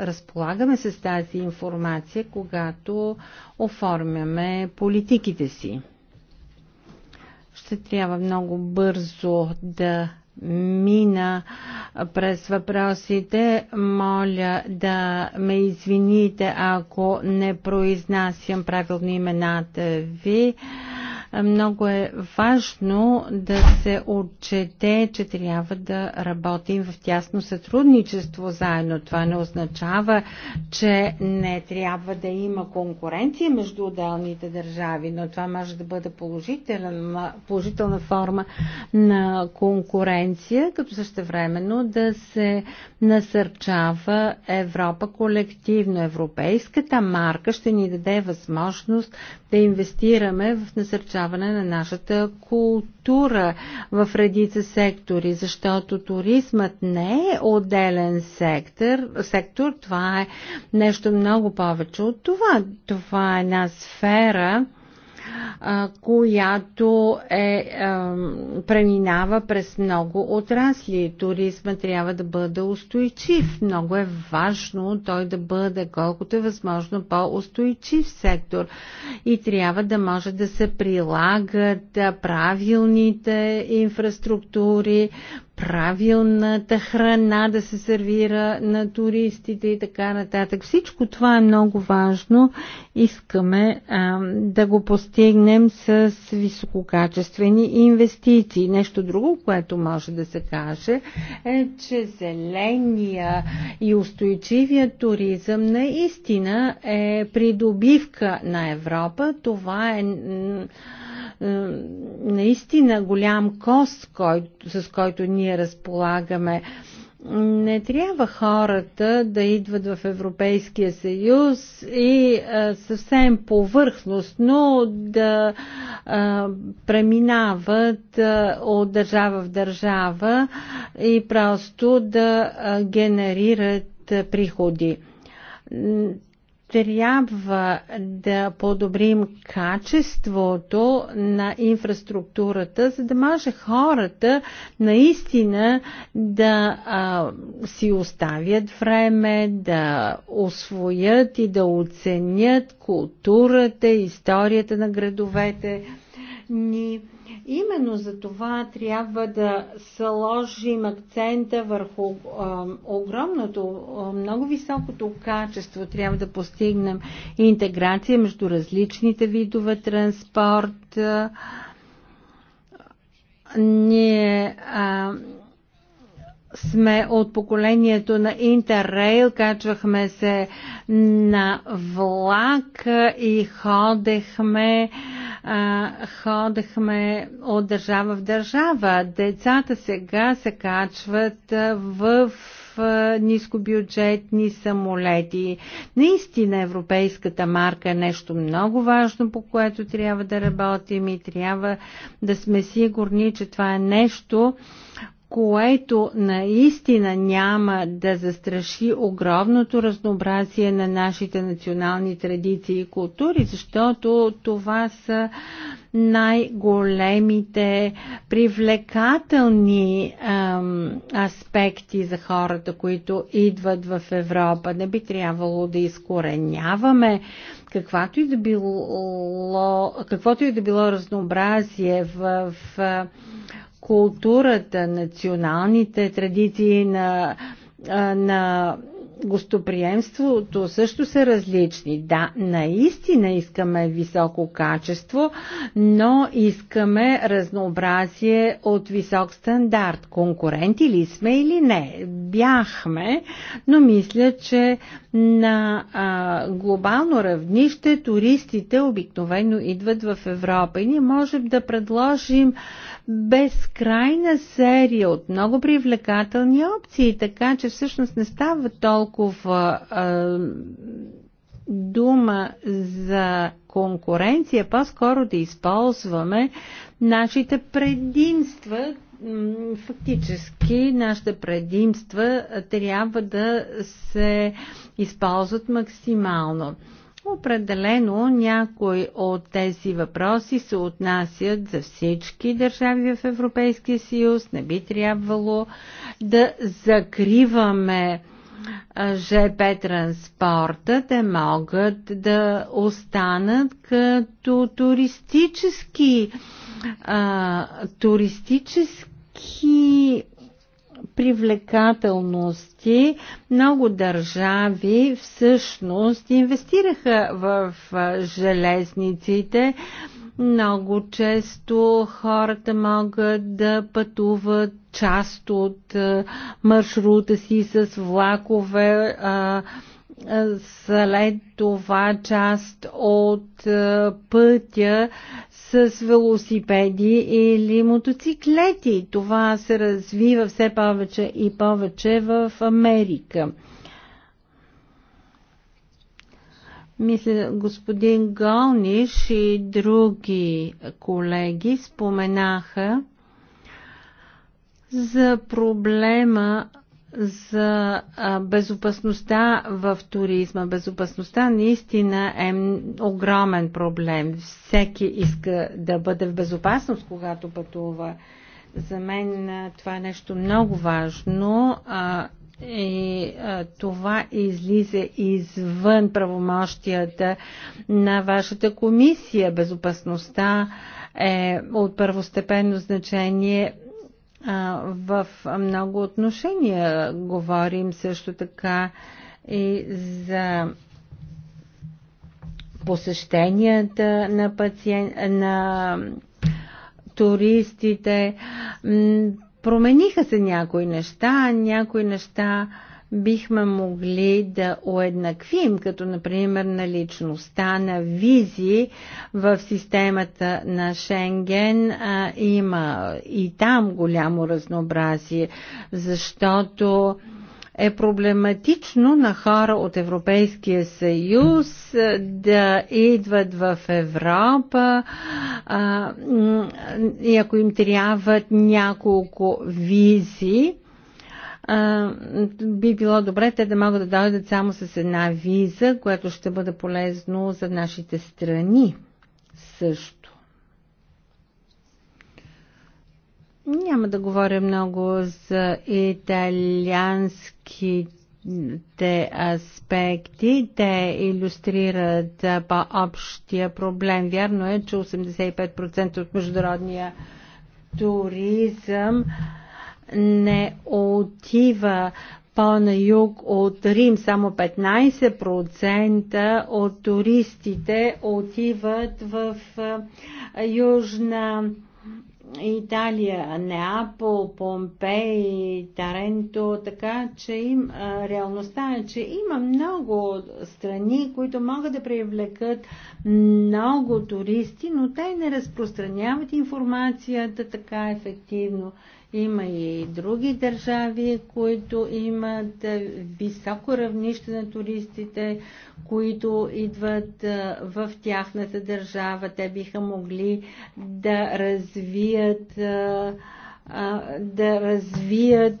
разполагаме с тази информация, когато оформяме политиките си. Ще трябва много бързо да мина през въпросите. Моля да ме извините, ако не произнасям правилно имената ви. Много е важно да се отчете, че трябва да работим в тясно сътрудничество заедно. Това не означава, че не трябва да има конкуренция между отделните държави, но това може да бъде положителна, положителна форма на конкуренция, като същевременно да се насърчава Европа колективно. Европейската марка ще ни даде възможност да инвестираме в насърчаване на нашата култура в редица сектори, защото туризмът не е отделен сектор, сектор това е нещо много повече от това. Това е една сфера, която е, преминава през много отрасли. Туризма трябва да бъде устойчив. Много е важно той да бъде колкото е възможно по-устойчив сектор и трябва да може да се прилагат правилните инфраструктури, правилната храна да се сервира на туристите и така нататък. Всичко това е много важно. Искаме а, да го постигнем с висококачествени инвестиции. Нещо друго, което може да се каже, е, че зеления и устойчивия туризъм наистина е придобивка на Европа. Това е е, наистина голям кост, който, с който ние разполагаме. Не трябва хората да идват в Европейския съюз и а, е, съвсем повърхностно да а, е, преминават а, от държава в държава и просто да а, генерират а, приходи трябва да подобрим качеството на инфраструктурата, за да може хората наистина да а, си оставят време, да освоят и да оценят културата, историята на градовете ни Именно за това трябва да сложим акцента върху огромното, много високото качество. Трябва да постигнем интеграция между различните видове транспорт. ние сме от поколението на Интеррейл, качвахме се на влак и ходехме а, а, ходехме от държава в държава. Децата сега се качват в нискобюджетни самолети. Наистина европейската марка е нещо много важно, по което трябва да работим и трябва да сме сигурни, че това е нещо, което наистина няма да застраши огромното разнообразие на нашите национални традиции и култури, защото това са най-големите привлекателни ам, аспекти за хората, които идват в Европа. Не би трябвало да изкореняваме каквато и да било, каквото и да било разнообразие в, в културата, националните традиции на, на гостоприемството също са различни. Да, наистина искаме високо качество, но искаме разнообразие от висок стандарт. Конкуренти ли сме или не? Бяхме, но мисля, че на а, глобално равнище туристите обикновено идват в Европа и ние можем да предложим безкрайна серия от много привлекателни опции, така че всъщност не става толкова а, дума за конкуренция, по-скоро да използваме нашите предимства. Фактически нашите предимства трябва да се използват максимално. Определено някои от тези въпроси се отнасят за всички държави в Европейския съюз. Не би трябвало да закриваме ЖП транспорта, те могат да останат като туристически, а, туристически привлекателности. Много държави всъщност инвестираха в железниците. Много често хората могат да пътуват част от маршрута си с влакове. след това част от пътя с велосипеди или мотоциклети. Това се развива все повече и повече в Америка. Мисля, господин Голниш и други колеги споменаха за проблема за безопасността в туризма. Безопасността наистина е огромен проблем. Всеки иска да бъде в безопасност, когато пътува. За мен това е нещо много важно и това излиза извън правомощията на вашата комисия. Безопасността е от първостепенно значение в много отношения. Говорим също така и за посещенията на, пациент, на туристите. Промениха се някои неща, някои неща бихме могли да уеднаквим, като например на личността, на визи в системата на Шенген. А, има и там голямо разнообразие, защото е проблематично на хора от Европейския съюз да идват в Европа а, и ако им трябват няколко визи, би било добре те да могат да дойдат само с една виза, което ще бъде полезно за нашите страни също. Няма да говоря много за италианските аспекти. Те иллюстрират по-общия проблем. Вярно е, че 85% от международния туризъм не отива по-на юг от Рим. Само 15% от туристите отиват в Южна Италия, Неапол, Помпей, Таренто, така че им, реалността е, че има много страни, които могат да привлекат много туристи, но те не разпространяват информацията така ефективно. Има и други държави, които имат високо равнище на туристите, които идват в тяхната държава. Те биха могли да развият да развият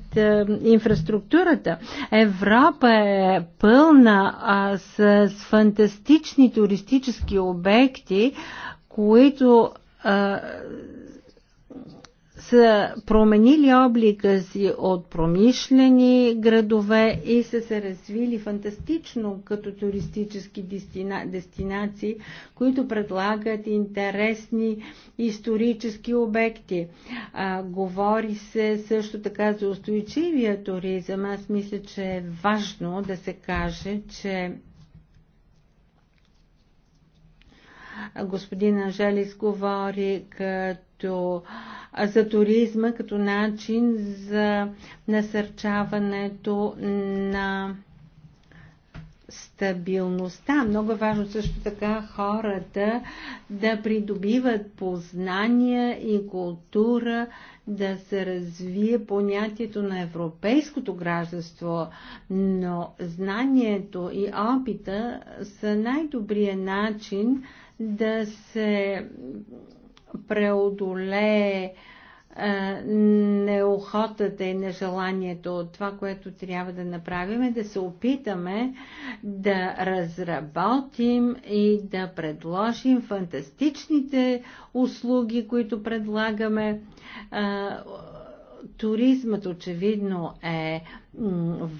инфраструктурата. Европа е пълна с фантастични туристически обекти, които са променили облика си от промишлени градове и са се развили фантастично като туристически дестина, дестинации, които предлагат интересни исторически обекти. А, говори се също така за устойчивия туризъм. Аз мисля, че е важно да се каже, че господин Анжелис говори като като за туризма като начин за насърчаването на стабилността. Много е важно също така хората да придобиват познания и култура, да се развие понятието на европейското гражданство, но знанието и опита са най-добрият начин да се преодолее е, неохотата и нежеланието. от Това, което трябва да направим е да се опитаме да разработим и да предложим фантастичните услуги, които предлагаме. Е, туризмът очевидно е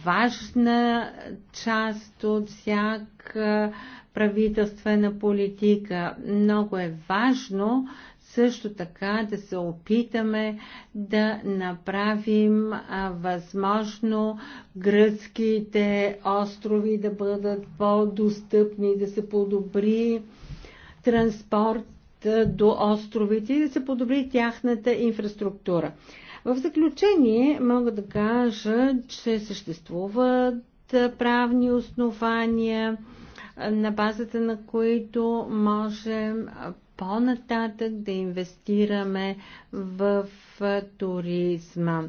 важна част от всяка правителствена политика. Много е важно също така да се опитаме да направим а, възможно гръцките острови да бъдат по-достъпни, да се подобри транспорт до островите и да се подобри тяхната инфраструктура. В заключение мога да кажа, че съществуват правни основания, на базата на които можем по-нататък да инвестираме в туризма.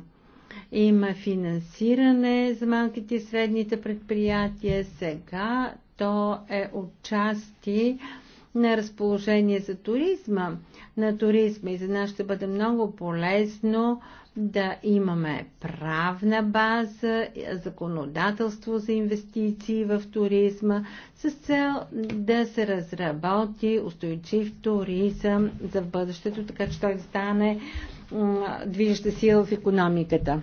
Има финансиране за малките и средните предприятия. Сега то е отчасти на разположение за туризма, на туризма и за нас ще бъде много полезно да имаме правна база, законодателство за инвестиции в туризма, с цел да се разработи устойчив туризъм за бъдещето, така че той стане движеща сила в економиката.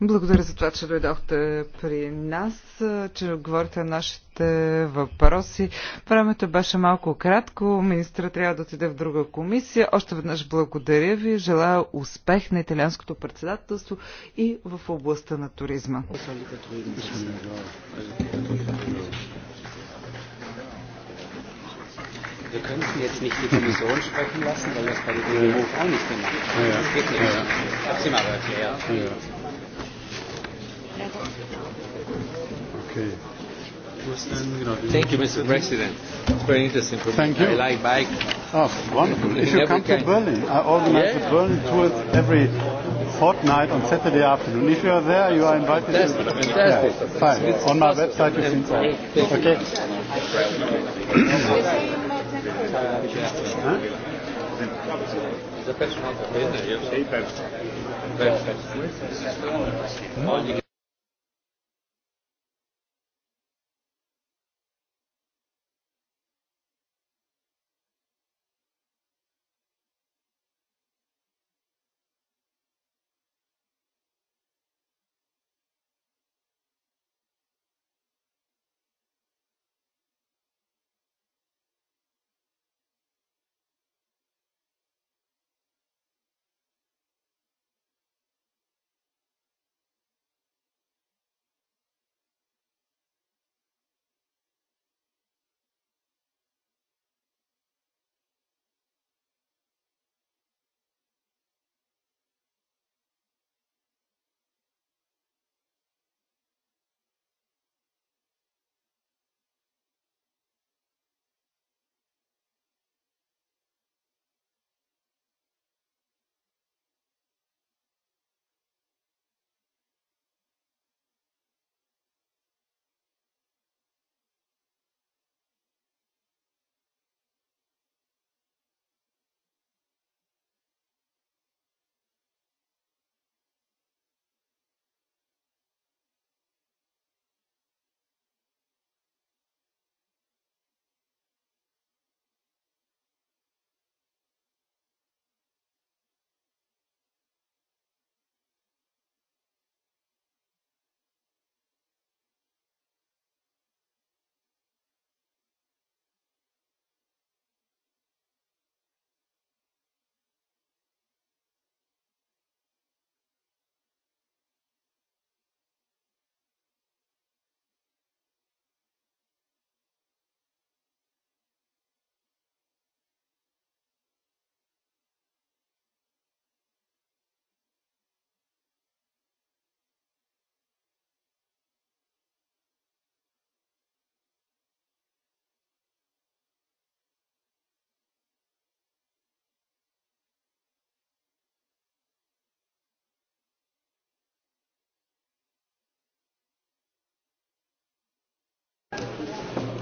Благодаря за това, че дойдохте при нас, че отговорите на нашите въпроси. Времето беше малко кратко. Министра трябва да отиде в друга комисия. Още веднъж благодаря ви. Желая успех на италианското председателство и в областта на туризма. wir könnten jetzt nicht die Kommission sprechen lassen, weil das bei der DGO auch nicht gemacht wird. Das geht nicht. Ich habe es ihm erklärt. Okay. Thank you, Mr. President. It's very interesting for me. Thank you. I like bike. Oh, wonderful. If you come to Berlin, I organize yeah. the Berlin tours every fortnight on Saturday afternoon. If you are there, you are invited. To, yeah, fine. on my website, you can see. Okay. huh? Sei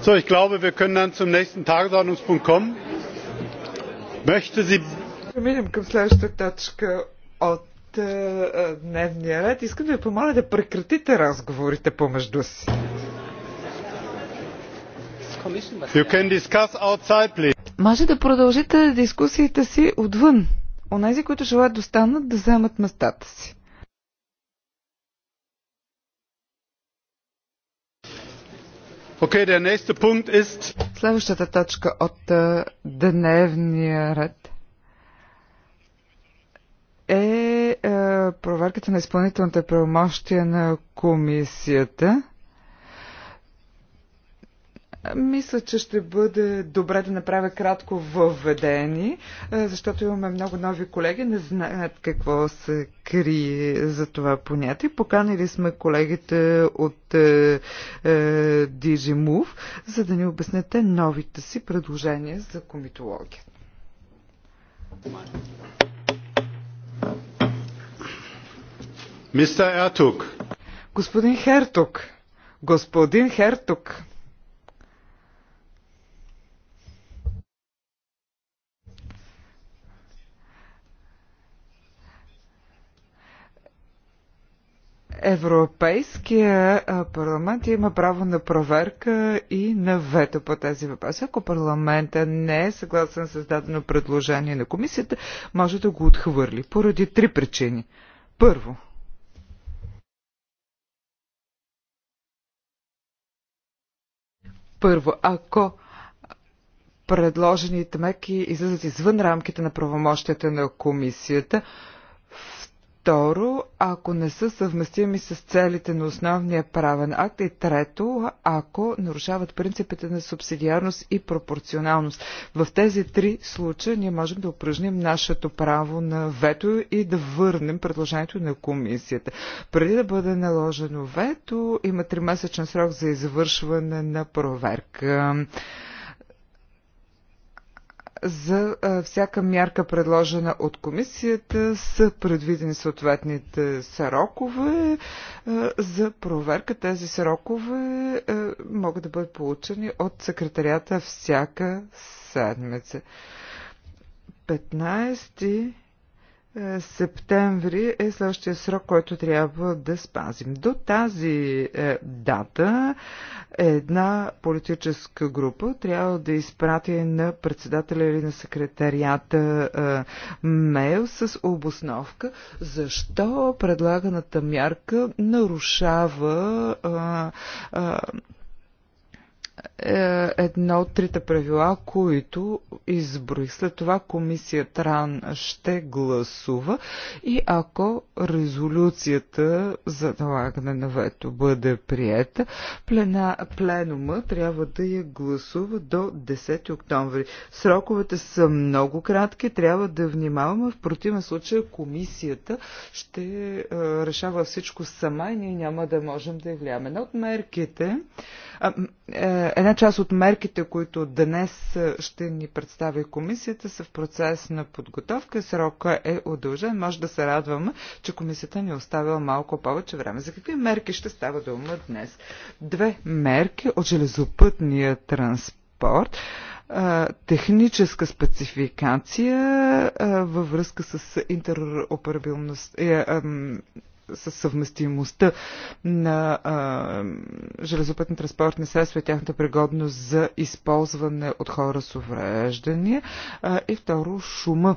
So, ich glaube, wir können dann zum nächsten Tagesordnungspunkt kommen. Möchte Sie... Преминем към следващата точка от е, е, дневния ред. Искам да ви помоля да прекратите разговорите помежду си. You can discuss outside, please. Може да продължите дискусиите си отвън. Онези, които желаят да останат, да вземат местата си. Okay, Следващата точка от дневния ред е проверката на изпълнителните правомощия на комисията. Мисля, че ще бъде добре да направя кратко въведени, защото имаме много нови колеги, не знаят какво се крие за това понятие. Поканили сме колегите от е, е, DigiMove, за да ни обяснете новите си предложения за комитология. Мистер Ертук. Господин Хертук. Господин Хертук. Европейския парламент има право на проверка и на вето по тези въпроси. Ако парламента не е съгласен с дадено предложение на комисията, може да го отхвърли поради три причини. Първо, първо, ако предложените меки излизат извън рамките на правомощията на комисията, Второ, ако не са съвместими с целите на основния правен акт. И трето, ако нарушават принципите на субсидиарност и пропорционалност. В тези три случая ние можем да упражним нашето право на вето и да върнем предложението на комисията. Преди да бъде наложено вето, има тримесечен срок за извършване на проверка. За всяка мярка, предложена от комисията, са предвидени съответните срокове. За проверка тези срокове могат да бъдат получени от секретарията всяка седмица. 15 е, септември е следващия срок, който трябва да спазим. До тази е, дата една политическа група трябва да изпрати на председателя или на секретарията е, мейл с обосновка защо предлаганата мярка нарушава е, е, е едно от трите правила, които изброих. След това комисията РАН ще гласува и ако резолюцията за налагане на вето бъде приета, плена, пленума трябва да я гласува до 10 октомври. Сроковете са много кратки, трябва да внимаваме. В противен случай комисията ще е, решава всичко сама и ние няма да можем да я влияме. Една от мерките е, е Една част от мерките, които днес ще ни представи комисията, са в процес на подготовка. Срока е удължен. Може да се радваме, че комисията ни е оставила малко повече време. За какви мерки ще става дума днес? Две мерки от железопътния транспорт техническа спецификация във връзка с интероперабилност, е, със съвместимостта на а, железопътни транспортни средства и тяхната пригодност за използване от хора с увреждания. А, и второ, шума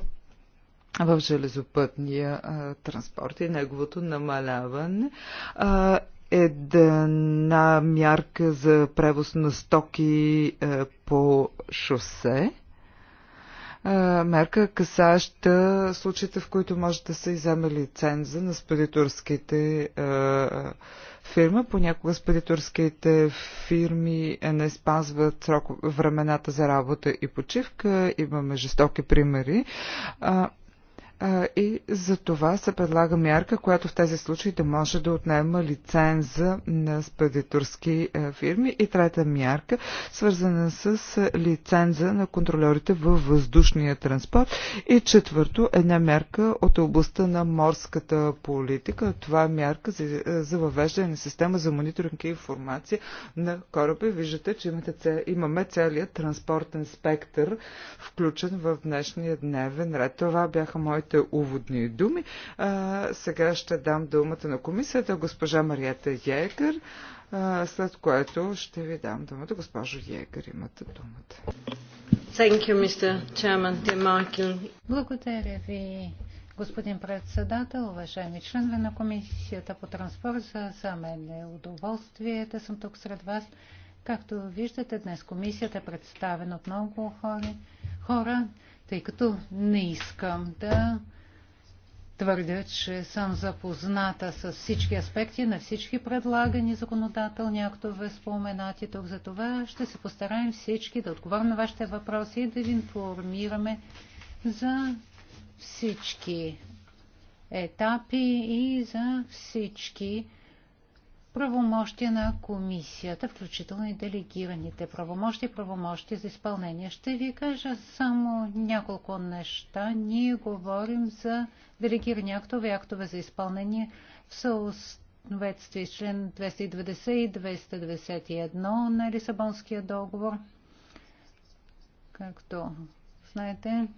в железопътния а, транспорт и неговото намаляване. А, една мярка за превоз на стоки а, по шосе мерка, касаща случаите, в които може да се иземе лиценза на спедиторските фирма. Понякога спедиторските фирми не спазват срок, времената за работа и почивка. Имаме жестоки примери. А, и за това се предлага мярка, която в тези случаи да може да отнема лиценза на спедиторски е, фирми. И трета мярка, свързана с лиценза на контролерите във въздушния транспорт. И четвърто, една мярка от областта на морската политика. Това е мярка за, е, за въвеждане на система за мониторинг и информация на кораби. Виждате, че имате, имаме целият транспортен спектър, включен в днешния дневен ред. Това бяха моите своите уводни думи. А, сега ще дам думата на комисията госпожа Марията Йегър, а, след което ще ви дам думата. Госпожо Йегър. имате думата. Thank you, Mr. Chairman, Благодаря ви, Господин председател, уважаеми членове на Комисията по транспорт, за, за мен е удоволствие да съм тук сред вас. Както виждате, днес комисията е представена от много хора. хора тъй като не искам да твърдя, че съм запозната с всички аспекти на всички предлагани законодателни актове, споменати тук. За това ще се постараем всички да отговорим на вашите въпроси и да ви информираме за всички етапи и за всички правомощия на комисията, включително и делегираните правомощи и правомощи за изпълнение. Ще ви кажа само няколко неща. Ние говорим за делегирани актове и актове за изпълнение в съответствие с член 290 и 291 на Лисабонския договор. Както знаете,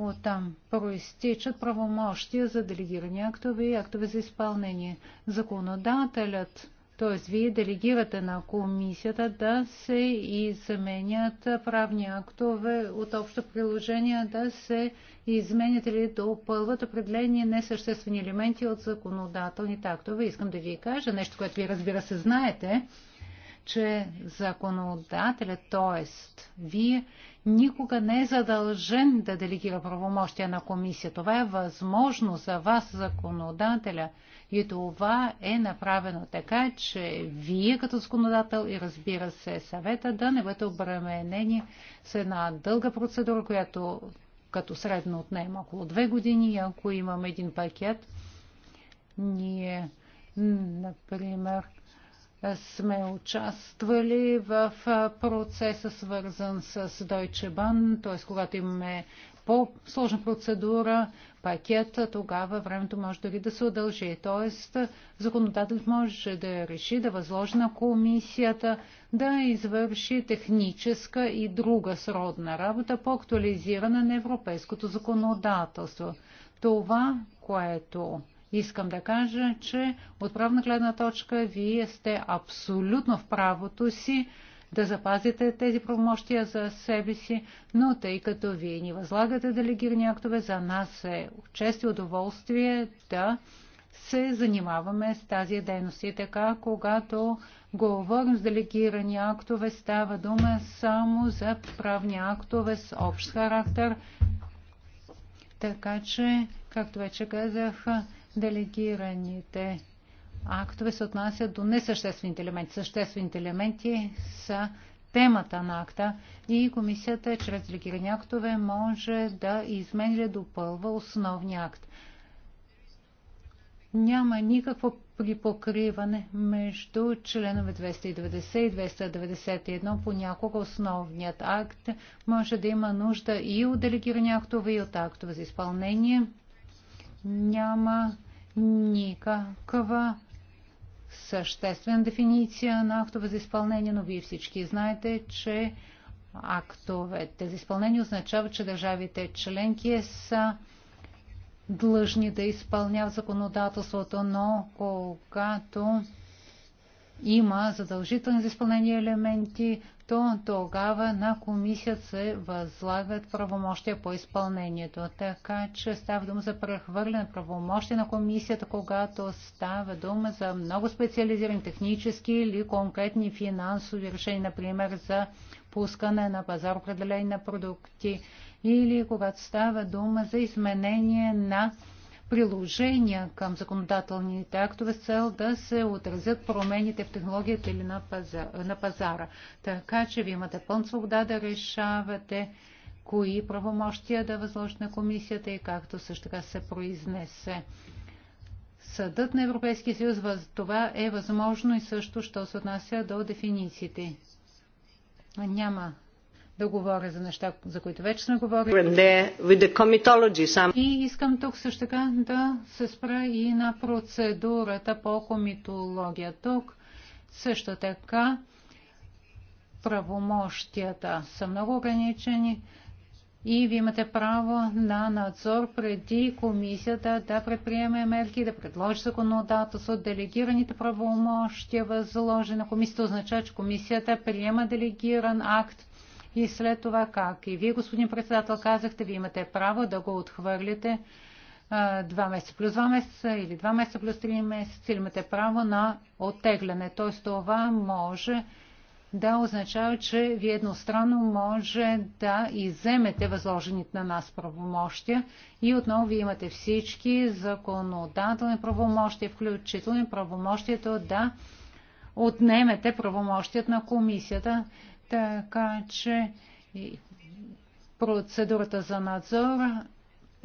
Оттам проистичат правомощия за делегирани актове и актове за изпълнение. Законодателят, т.е. вие делегирате на комисията да се изменят правни актове от общо приложение, да се изменят или допълват определени несъществени елементи от законодателните актове. Искам да ви кажа нещо, което ви разбира се знаете че законодателят, т.е. вие, никога не е задължен да делегира правомощия на комисия. Това е възможно за вас, законодателя, и това е направено така, че вие като законодател и разбира се съвета да не бъдете обременени с една дълга процедура, която като средно отнема около две години. Ако имаме един пакет, ние, например, сме участвали в процеса, свързан с Deutsche Bahn, т.е. когато имаме по-сложна процедура, пакет, тогава времето може дори да се удължи. Т.е. законодателят може да реши да възложи на комисията да извърши техническа и друга сродна работа по актуализиране на европейското законодателство. Това, което искам да кажа, че от правна гледна точка вие сте абсолютно в правото си да запазите тези правомощия за себе си, но тъй като вие ни възлагате делегирани актове, за нас е чест и удоволствие да се занимаваме с тази дейност. И така, когато говорим с делегирани актове, става дума само за правни актове с общ характер. Така че, както вече казах, Делегираните актове се отнасят до несъществените елементи. Съществените елементи са темата на акта и комисията чрез делегирани актове може да изменя до допълва основния акт. Няма никакво припокриване между членове 290 и 291. Понякога основният акт може да има нужда и от делегирани актове, и от актове за изпълнение. Няма никаква съществена дефиниция на актове за изпълнение, но вие всички знаете, че актовете за изпълнение означава, че държавите членки са длъжни да изпълняват законодателството, но когато има задължителни за изпълнение елементи, то тогава на комисията се възлагат правомощия по изпълнението. Така че става дума за прехвърляне правомощия на комисията, когато става дума за много специализирани технически или конкретни финансови решения, например за пускане на пазар определени на продукти или когато става дума за изменение на приложения към законодателните актове с цел да се отразят промените в технологията или на, пазар, на пазара. Така че ви имате пълна свобода да решавате кои правомощия да възложите на комисията и както също така се произнесе. Съдът на Европейския съюз това е възможно и също, що се отнася до дефинициите. Няма да говоря за неща, за които вече сме говорили. И искам тук също така да се спра и на процедурата по комитология. Тук също така правомощията са много ограничени и ви имате право на надзор преди комисията да предприеме мерки, да предложи законодателство. Делегираните правомощия възложени на комисията означава, че комисията приема делегиран акт и след това как. И вие, господин председател, казахте, вие имате право да го отхвърлите два месеца плюс два месеца или два месеца плюс три месеца, или имате право на оттегляне. Т.е. това може да означава, че вие едностранно може да иземете възложените на нас правомощия и отново вие имате всички законодателни правомощия, включително правомощието да отнемете правомощият на комисията. Така че процедурата за надзор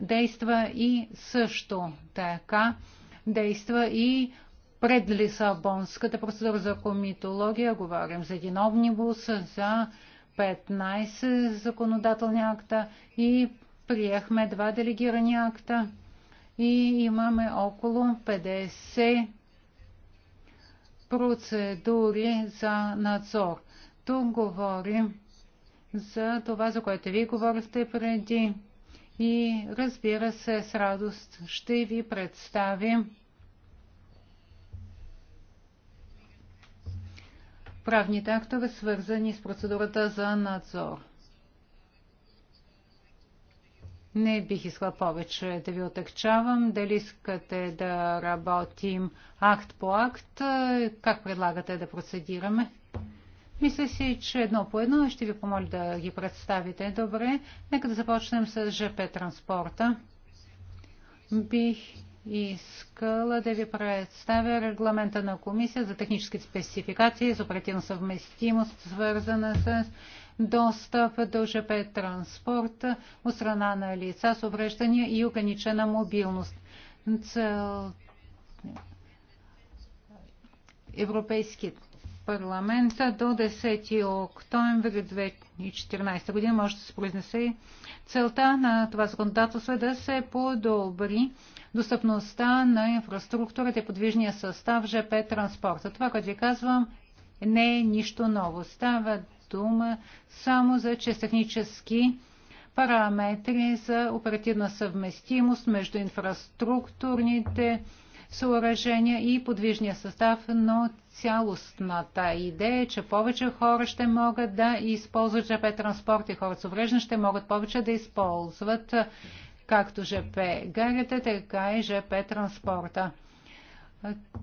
действа и също така действа и пред Лисабонската процедура за комитология. Говорим за един обнибус, за 15 законодателни акта и приехме два делегирани акта и имаме около 50 процедури за надзор. Тук говорим за това, за което вие говорихте преди. И разбира се, с радост ще ви представим правните актове, свързани с процедурата за надзор. Не бих искала повече да ви отекчавам. Дали искате да работим акт по акт? Как предлагате да процедираме? Мисля си, че едно по едно ще ви помоля да ги представите. Добре, нека да започнем с ЖП транспорта. Бих искала да ви представя регламента на комисия за технически спецификации за оперативна съвместимост, свързана с достъп до ЖП транспорта, от страна на лица с увреждания и ограничена мобилност. Цел... Европейският парламента до 10 октомври 2014 година може да се произнесе. Целта на това законодателство е да се подобри достъпността на инфраструктурата и подвижния състав ЖП транспорта. Това, което ви казвам, не е нищо ново. Става дума само за чрез технически параметри за оперативна съвместимост между инфраструктурните съоръжения и подвижния състав, но цялостната идея е, че повече хора ще могат да използват ЖП транспорт и хората с увреждане ще могат повече да използват както ЖП гарите, така и ЖП транспорта.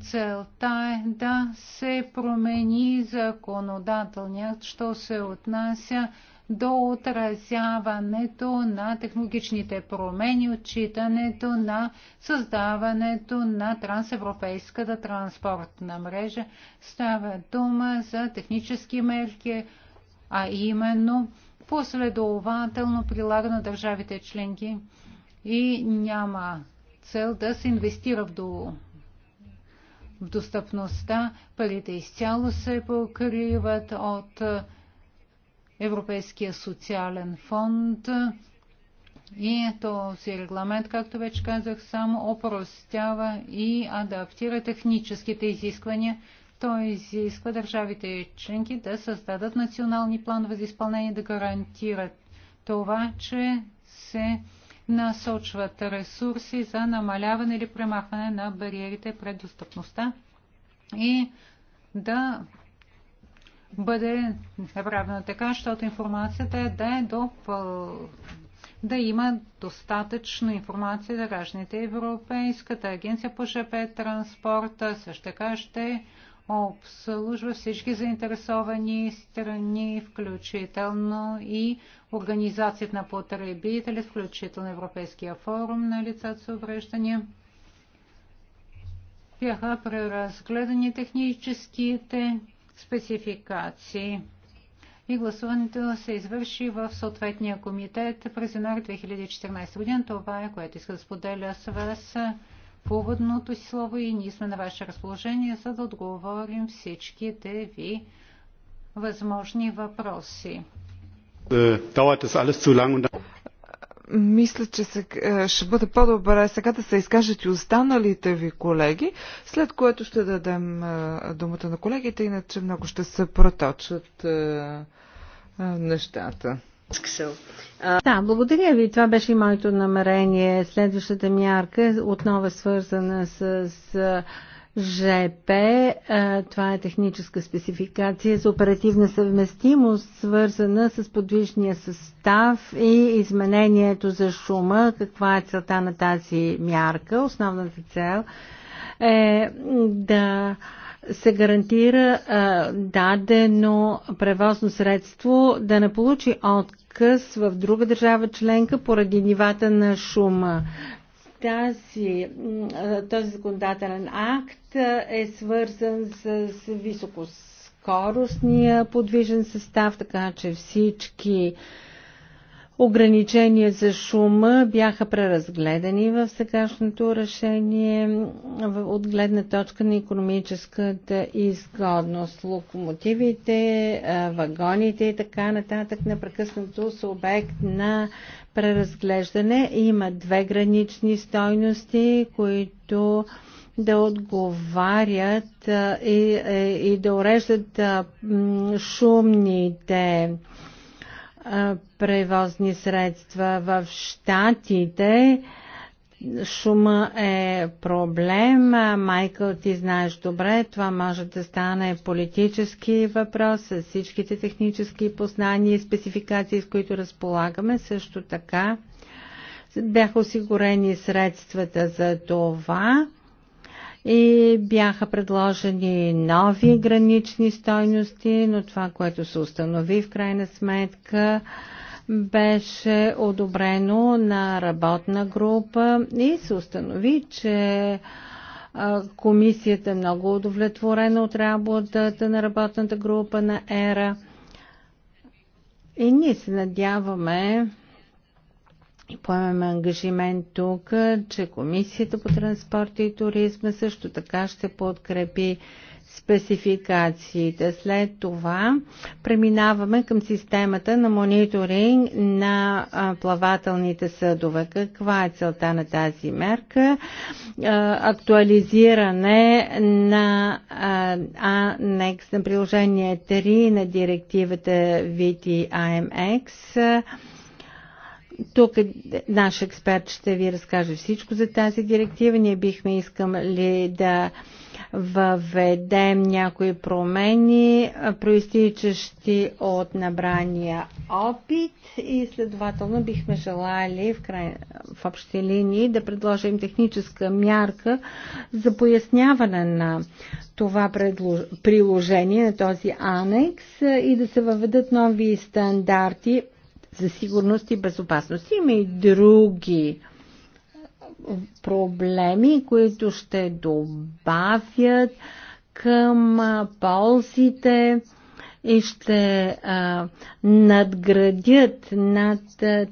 Целта е да се промени законодателният, що се отнася до отразяването на технологичните промени, отчитането на създаването на трансевропейската транспортна мрежа. Става дума за технически мерки, а именно последователно прилагане на държавите членки и няма цел да се инвестира в, до... в достъпността. Парите изцяло се покриват от Европейския социален фонд. И този регламент, както вече казах, само опростява и адаптира техническите изисквания. Той изисква държавите и членки да създадат национални планове за изпълнение, да гарантират това, че се насочват ресурси за намаляване или премахване на бариерите пред достъпността и да бъде направено така, защото информацията е да е до да има достатъчно информация за гражданите. Европейската агенция по ЖП транспорта също така ще обслужва всички заинтересовани страни, включително и Организацията на потребители, включително Европейския форум на лицата с увреждания. Бяха преразгледани техническите спецификации и гласуването се извърши в съответния комитет през януари 2014 година. Това е, което иска да споделя с вас поводното си слово и ние сме на ваше разположение, за да отговорим всичките ви възможни въпроси. Е, мисля, че е, ще бъде по-добре сега да се изкажат и останалите ви колеги, след което ще дадем е, думата на колегите, иначе много ще се проточат е, нещата. Да, благодаря ви. Това беше и моето намерение. Следващата мярка отново е свързана с ЖП. Е това е техническа спецификация за оперативна съвместимост, свързана с подвижния състав и изменението за шума. Каква е целта на тази мярка? Основната цел е да се гарантира дадено превозно средство да не получи отказ в друга държава членка поради нивата на шума тази, този законодателен акт е свързан с високоскоростния подвижен състав, така че всички ограничения за шума бяха преразгледани в сегашното решение от гледна точка на економическата изгодност. Локомотивите, вагоните и така нататък непрекъснато са обект на преразглеждане. Има две гранични стойности, които да отговарят и, е, и да уреждат шумните превозни средства в Штатите. Шума е проблем. Майкъл, ти знаеш добре, това може да стане политически въпрос с всичките технически познания и спецификации, с които разполагаме. Също така бяха осигурени средствата за това и бяха предложени нови гранични стойности, но това, което се установи в крайна сметка, беше одобрено на работна група и се установи, че комисията е много удовлетворена от работата на работната група на ЕРА. И ние се надяваме, и поемаме ангажимент тук, че Комисията по транспорт и туризма също така ще подкрепи спецификациите. След това преминаваме към системата на мониторинг на плавателните съдове. Каква е целта на тази мерка? Актуализиране на анекс на приложение 3 на директивата VTIMX тук наш експерт ще ви разкаже всичко за тази директива. Ние бихме искали да въведем някои промени, проистичащи от набрания опит и следователно бихме желали в, край, в общи линии да предложим техническа мярка за поясняване на това предлож... приложение на този анекс и да се въведат нови стандарти за сигурност и безопасност. Има и други проблеми, които ще добавят към ползите и ще а, надградят над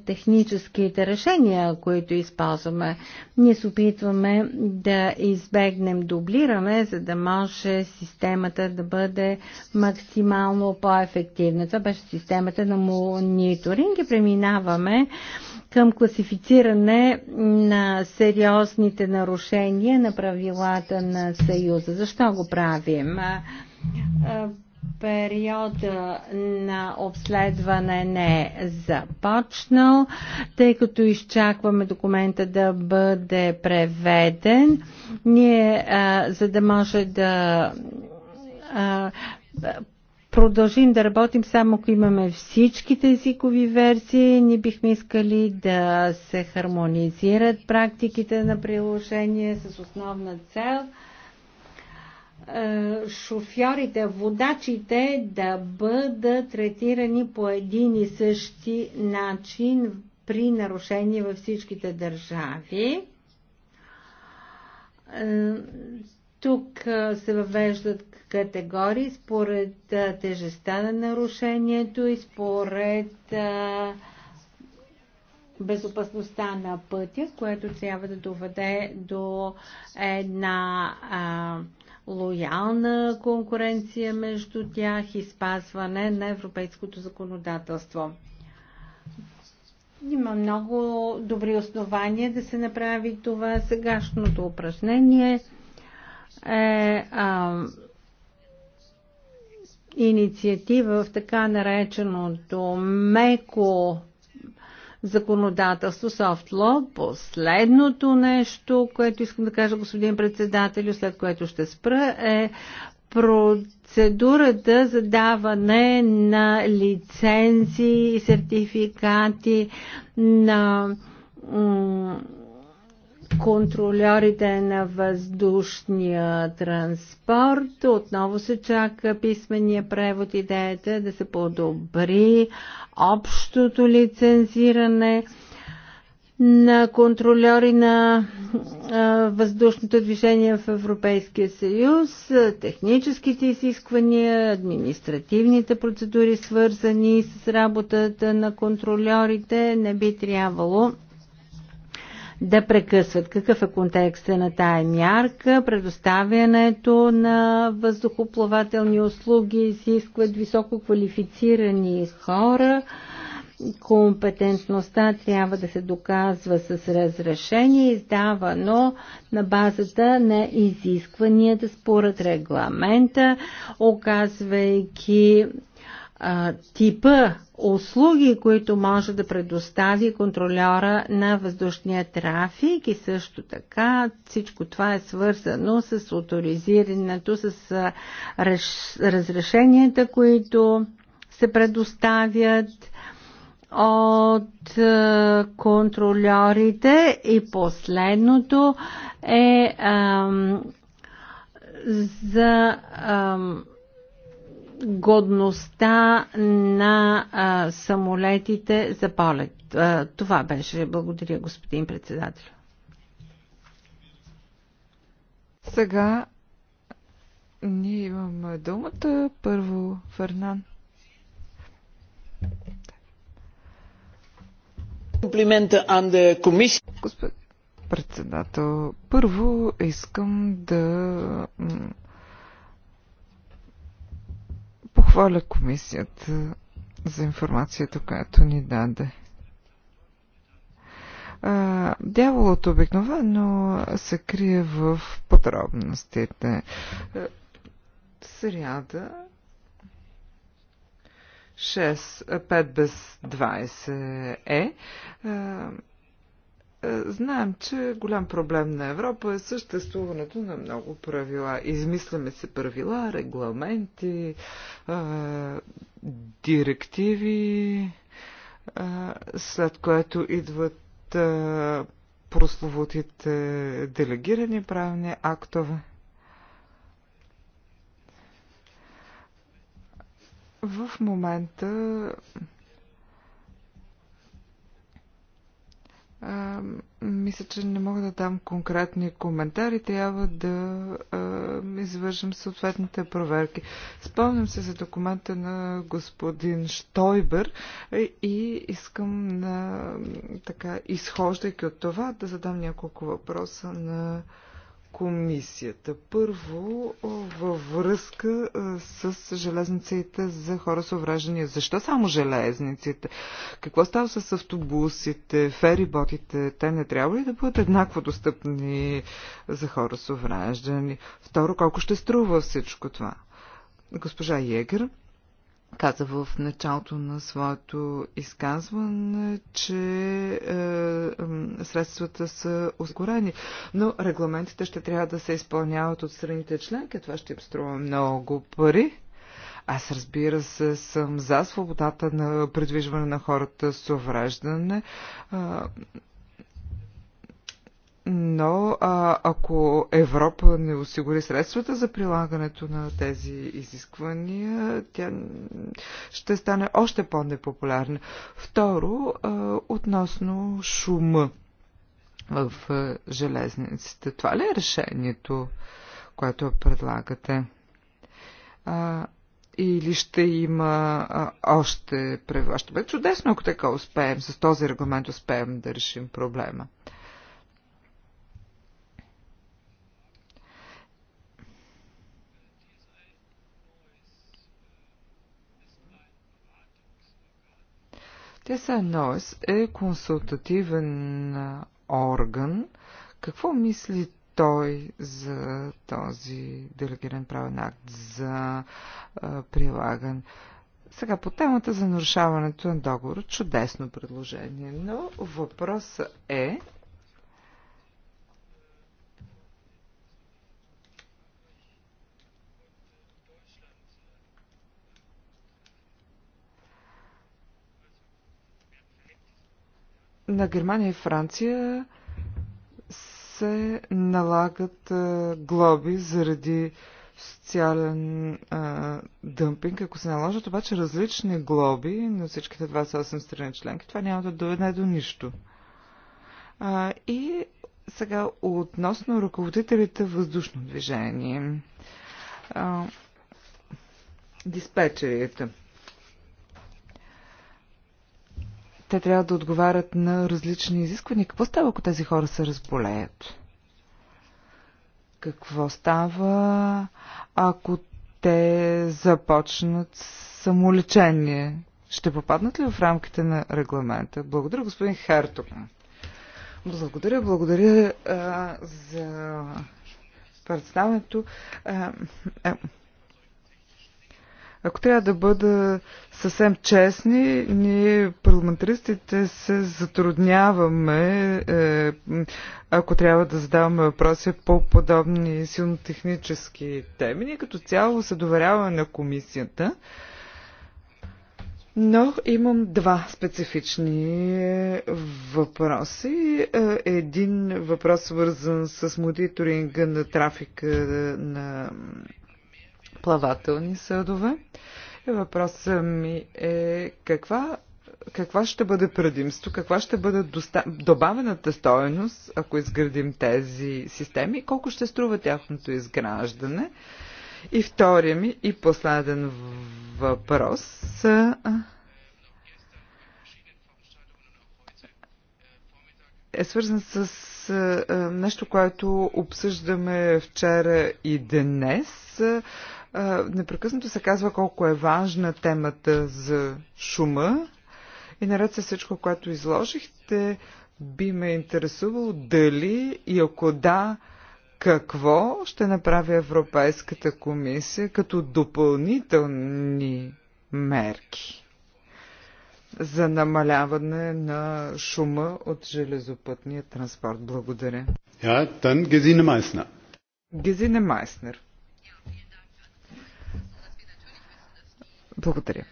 техническите решения, които използваме. Ние се опитваме да избегнем дублираме, за да може системата да бъде максимално по-ефективна. Това беше системата на мониторинг и преминаваме към класифициране на сериозните нарушения на правилата на Съюза. Защо го правим? периода на обследване не е започнал, тъй като изчакваме документа да бъде преведен. Ние, а, за да може да а, продължим да работим само ако имаме всичките езикови версии. Ни бихме искали да се хармонизират практиките на приложение с основна цел – е, шофьорите, водачите да бъдат третирани по един и същи начин при нарушение във всичките държави. Е, тук е, се въвеждат категории според тежестта на нарушението и според безопасността на пътя, което трябва да доведе до една лоялна конкуренция между тях и спазване на европейското законодателство. Има много добри основания да се направи това. Сегашното упражнение е а, инициатива в така нареченото меко законодателство, soft law. Последното нещо, което искам да кажа, господин председател, след което ще спра, е процедурата за даване на лицензии и сертификати на контролерите на въздушния транспорт. Отново се чака писмения превод. Идеята е да се подобри общото лицензиране на контролери на въздушното движение в Европейския съюз, техническите изисквания, административните процедури, свързани с работата на контролерите, не би трябвало да прекъсват. Какъв е контекста на тая мярка? Предоставянето на въздухоплавателни услуги изискват високо квалифицирани хора. Компетентността трябва да се доказва с разрешение, издавано на базата на изискванията според регламента, оказвайки а, типа услуги, които може да предостави контролера на въздушния трафик и също така всичко това е свързано с авторизирането, с а, реш, разрешенията, които се предоставят от а, контролерите и последното е ам, за ам, годността на а, самолетите за полет. А, това беше. Благодаря, господин председател. Сега ние имаме думата. Първо Фернан. Комплимента Анде Комисия. Господин председател, първо искам да Моля комисията за информацията, която ни даде. Дяволът обикновено се крие в подробностите. Сряда 6, 5 без 20 е. Е, знаем, че голям проблем на Европа е съществуването на много правила. Измисляме се правила, регламенти, е, директиви, е, след което идват прословутите делегирани правни актове. В момента А, мисля, че не мога да дам конкретни коментари. Трябва да а, извършим съответните проверки. Спомням се за документа на господин Штойбер и искам, на, така, изхождайки от това, да задам няколко въпроса на комисията. Първо, във връзка с железниците за хора с увреждания. Защо само железниците? Какво става с автобусите, фериботите? Те не трябва ли да бъдат еднакво достъпни за хора с увреждания? Второ, колко ще струва всичко това? Госпожа Егер каза в началото на своето изказване, че е, средствата са осигурени, но регламентите ще трябва да се изпълняват от страните членки. Това ще им струва много пари. Аз разбира се съм за свободата на придвижване на хората с увреждане. Но а, ако Европа не осигури средствата за прилагането на тези изисквания, тя ще стане още по-непопулярна. Второ, а, относно шума в железниците. Това ли е решението, което предлагате? А, или ще има а, още правила? Ще бъде чудесно, ако така успеем, с този регламент успеем да решим проблема. А, Те НОЕС е консултативен орган. Какво мисли той за този делегиран правен акт за а, прилаган? Сега по темата за нарушаването на договор Чудесно предложение, но въпросът е на Германия и Франция се налагат глоби заради социален а, дъмпинг, ако се наложат обаче различни глоби на всичките 28 страни членки, това няма да доведе до нищо. А, и сега относно ръководителите въздушно движение. А, диспетчерите. Те трябва да отговарят на различни изисквания. Какво става, ако тези хора се разболеят? Какво става, ако те започнат самолечение? Ще попаднат ли в рамките на регламента? Благодаря, господин Харток. Благодаря, благодаря а, за представенето. А, а, ако трябва да бъда съвсем честни, ние парламентаристите се затрудняваме, е, ако трябва да задаваме въпроси по подобни силно технически теми. Ние като цяло се доверяваме на комисията, но имам два специфични въпроси. Е, един въпрос свързан с мониторинга на трафика на плавателни съдове. И въпросът ми е каква, каква ще бъде предимство, каква ще бъде доста... добавената стоеност, ако изградим тези системи, колко ще струва тяхното изграждане. И втория ми и последен въпрос. е свързан с нещо, което обсъждаме вчера и днес непрекъснато се казва колко е важна темата за шума и наред с всичко, което изложихте, би ме интересувало дали и ако да, какво ще направи Европейската комисия като допълнителни мерки за намаляване на шума от железопътния транспорт. Благодаря. Ja, dann Gesine Meissner. Gesine Meissner. Благодаря.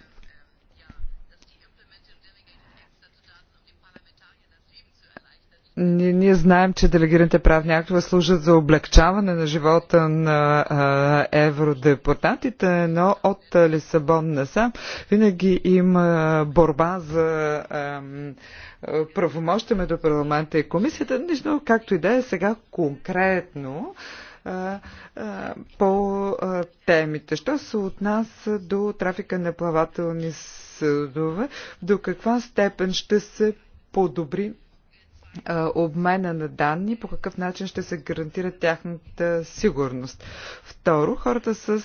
Ние, ние знаем, че делегираните правни актове служат за облегчаване на живота на а, евродепутатите, но от Лисабон насам винаги има борба за а, правомощите между парламента и комисията. Нищо, както и да е сега конкретно. А, по темите. Що се отнася до трафика на плавателни съдове, до каква степен ще се подобри обмена на данни, по какъв начин ще се гарантира тяхната сигурност. Второ, хората с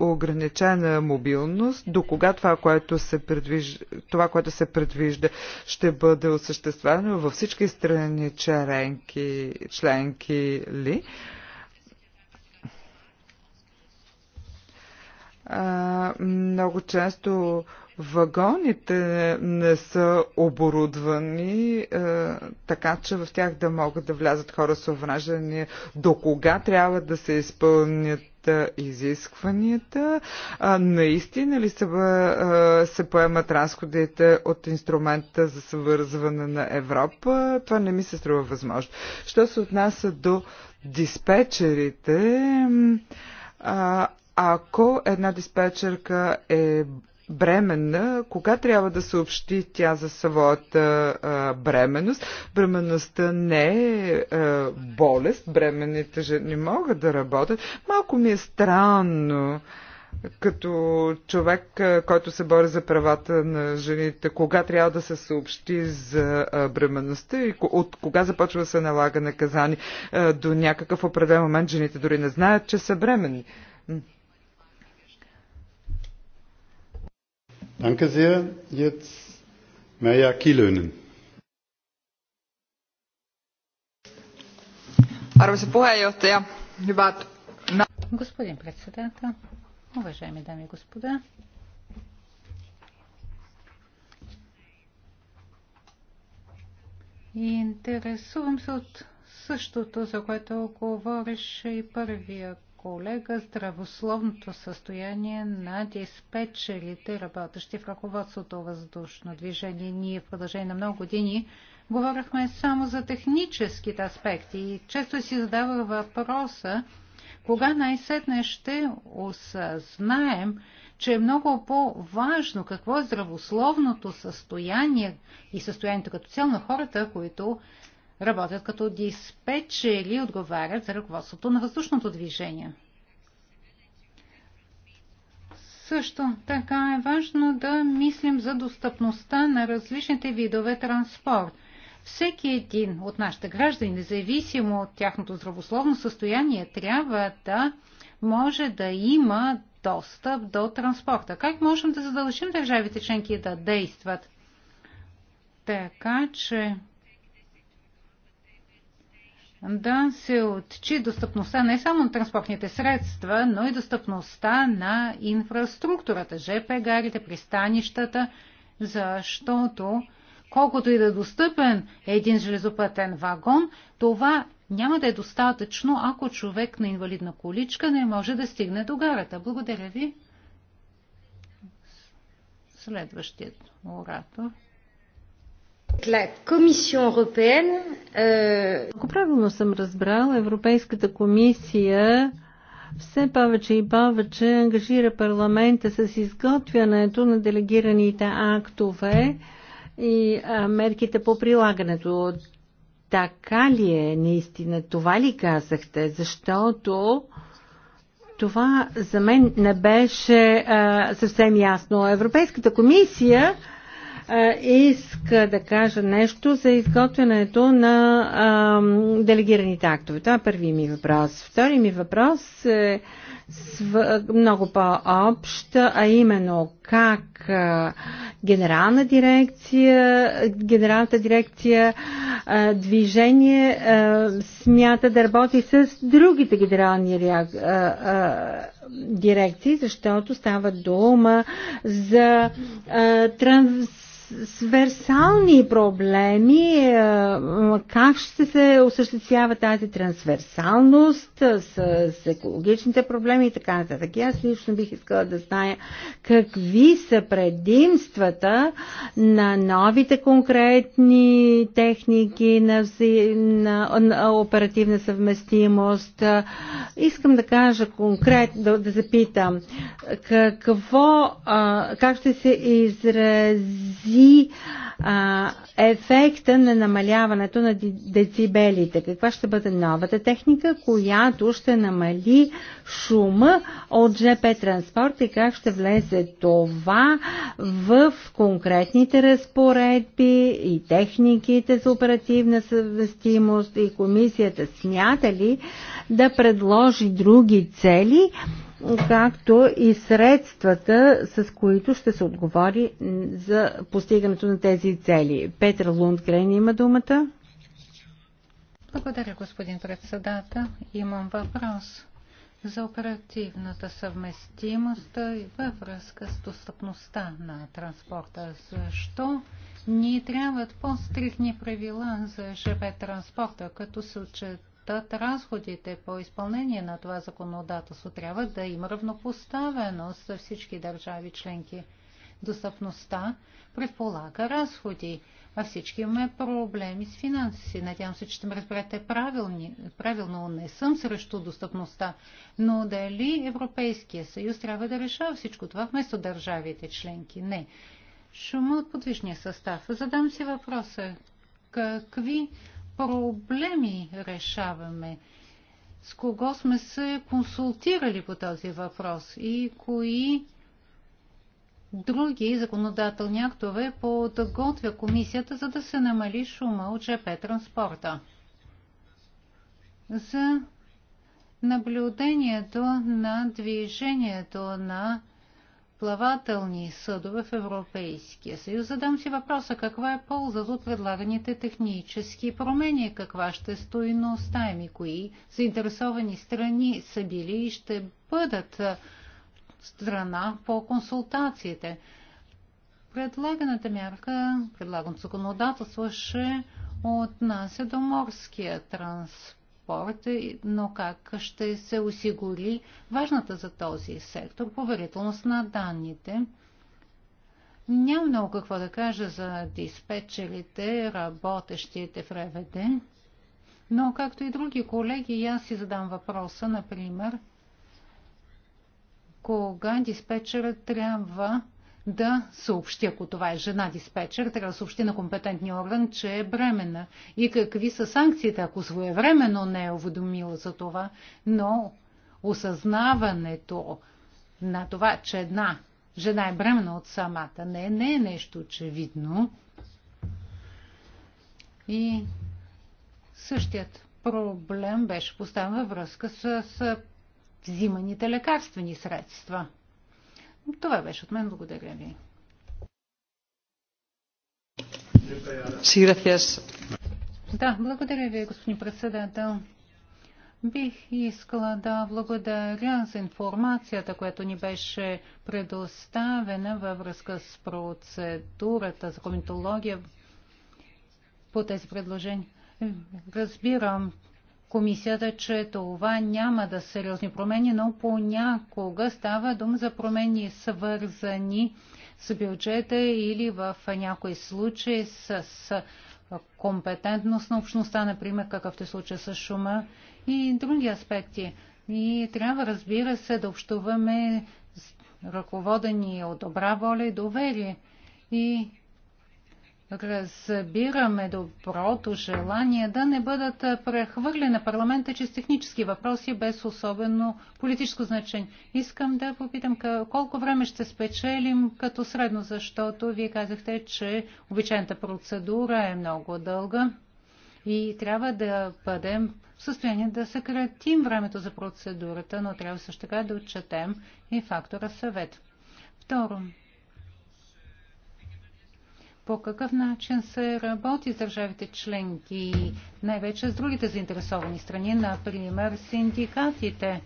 ограничена мобилност, до кога това, което се предвижда, това, което се предвижда ще бъде осъществено във всички страни членки, членки ли? а, много често вагоните не са оборудвани а, така, че в тях да могат да влязат хора с увреждания. До кога трябва да се изпълнят изискванията? А, наистина ли се, а, се поемат разходите от инструмента за съвързване на Европа? Това не ми се струва възможно. Що се отнася до диспетчерите? А, ако една диспетчерка е бременна, кога трябва да съобщи тя за своята а, бременност. Бременността не е а, болест, бременните жени могат да работят. Малко ми е странно като човек, който се бори за правата на жените, кога трябва да се съобщи за бременността и от кога започва да се налага наказание. До някакъв определен момент жените дори не знаят, че са бременни. Danke sehr. Jetzt Merja Kilönen. Arvoisa puheenjohtaja, hyvät... Господин председател, уважаеми дами и господа, Интересувам се от същото, за което говореше и първият колега здравословното състояние на диспетчерите, работещи в ръководството въздушно движение. Ние в продължение на много години говорихме само за техническите аспекти и често си задавах въпроса, кога най-сетне ще осъзнаем, че е много по-важно какво е здравословното състояние и състоянието като цяло на хората, които работят като диспетчери и отговарят за ръководството на въздушното движение. Също така е важно да мислим за достъпността на различните видове транспорт. Всеки един от нашите граждани, независимо от тяхното здравословно състояние, трябва да може да има достъп до транспорта. Как можем да задължим държавите членки да действат? Така че да се отчи достъпността не само на транспортните средства, но и достъпността на инфраструктурата, ЖП гарите, пристанищата, защото колкото и да е достъпен един железопътен вагон, това няма да е достатъчно, ако човек на инвалидна количка не може да стигне до гарата. Благодаря ви. Следващият оратор. Euh, Ако правилно съм разбрал, Европейската комисия все повече и повече ангажира парламента с изготвянето на делегираните актове и мерките по прилагането. Така ли е наистина? Това ли казахте? Защото това за мен не беше а, съвсем ясно. Европейската комисия иска да кажа нещо за изготвянето на а, делегираните актове. Това е първи ми въпрос. Втори ми въпрос е св... много по-общ, а именно как а, генерална дирекция, генералната дирекция а, движение а, смята да работи с другите генерални реакции. А, дирекции, защото става дума за а, транс трансверсални проблеми, е, е, как ще се осъществява тази трансверсалност е, с, с екологичните проблеми и така нататък. Аз лично бих искала да зная какви са предимствата на новите конкретни техники на, на, на оперативна съвместимост. Искам да кажа конкретно, да, да запитам какво, как ще се изрази и а, ефекта на намаляването на децибелите. Каква ще бъде новата техника, която ще намали шума от ЖП транспорт и как ще влезе това в конкретните разпоредби и техниките за оперативна съвестимост и комисията смята ли да предложи други цели както и средствата, с които ще се отговори за постигането на тези цели. Петър Лундгрен има думата. Благодаря, господин председател. Имам въпрос за оперативната съвместимост и във връзка с достъпността на транспорта. Защо ни трябват по стрихни правила за ЖП транспорта, като се отчет платят разходите по изпълнение на това законодателство. Трябва да има равнопоставеност за всички държави членки. Достъпността предполага разходи, а всички имаме проблеми с финанси. Надявам се, че ще ме разберете правилни, правилно. Не съм срещу достъпността, но дали Европейския съюз трябва да решава всичко това вместо държавите членки? Не. Шума от подвижния състав. Задам си въпроса. Какви проблеми решаваме? С кого сме се консултирали по този въпрос и кои други законодателни актове подготвя комисията, за да се намали шума от ЖП транспорта? За наблюдението на движението на плавателни съдове в Европейския съюз. Задам си въпроса каква е полза от предлаганите технически промени, каква ще е стои им и кои заинтересовани страни са били и ще бъдат страна по консултациите. Предлаганата мярка, предлаганото законодателство ще отнася до морския транспорт транспорт, но как ще се осигури важната за този сектор поверителност на данните. Няма много какво да кажа за диспетчерите, работещите в РВД, но както и други колеги, аз си задам въпроса, например, кога диспетчерът трябва да съобщи, ако това е жена диспетчер, трябва да съобщи на компетентния орган, че е бременна. И какви са санкциите, ако своевременно не е уведомила за това, но осъзнаването на това, че една жена е бременна от самата не, не е нещо очевидно. И същият проблем беше поставен във връзка с взиманите лекарствени средства – това беше от мен. Благодаря ви. Да, благодаря ви, господин председател. Бих искала да благодаря за информацията, която ни беше предоставена във връзка с процедурата за комитология по тези предложения. Разбирам, комисията, че това няма да са сериозни промени, но понякога става дума за промени свързани с бюджета или в някои случаи с компетентност на общността, например, какъвто е случай с шума и други аспекти. И трябва, разбира се, да общуваме ръководени от добра воля и доверие. И разбираме доброто желание да не бъдат прехвърлени на парламента чрез технически въпроси без особено политическо значение. Искам да попитам колко време ще спечелим като средно, защото вие казахте, че обичайната процедура е много дълга и трябва да бъдем в състояние да съкратим времето за процедурата, но трябва също така да отчетем и фактора съвет. Второ, по какъв начин се работи с държавите членки и най-вече с другите заинтересовани страни, например синдикатите,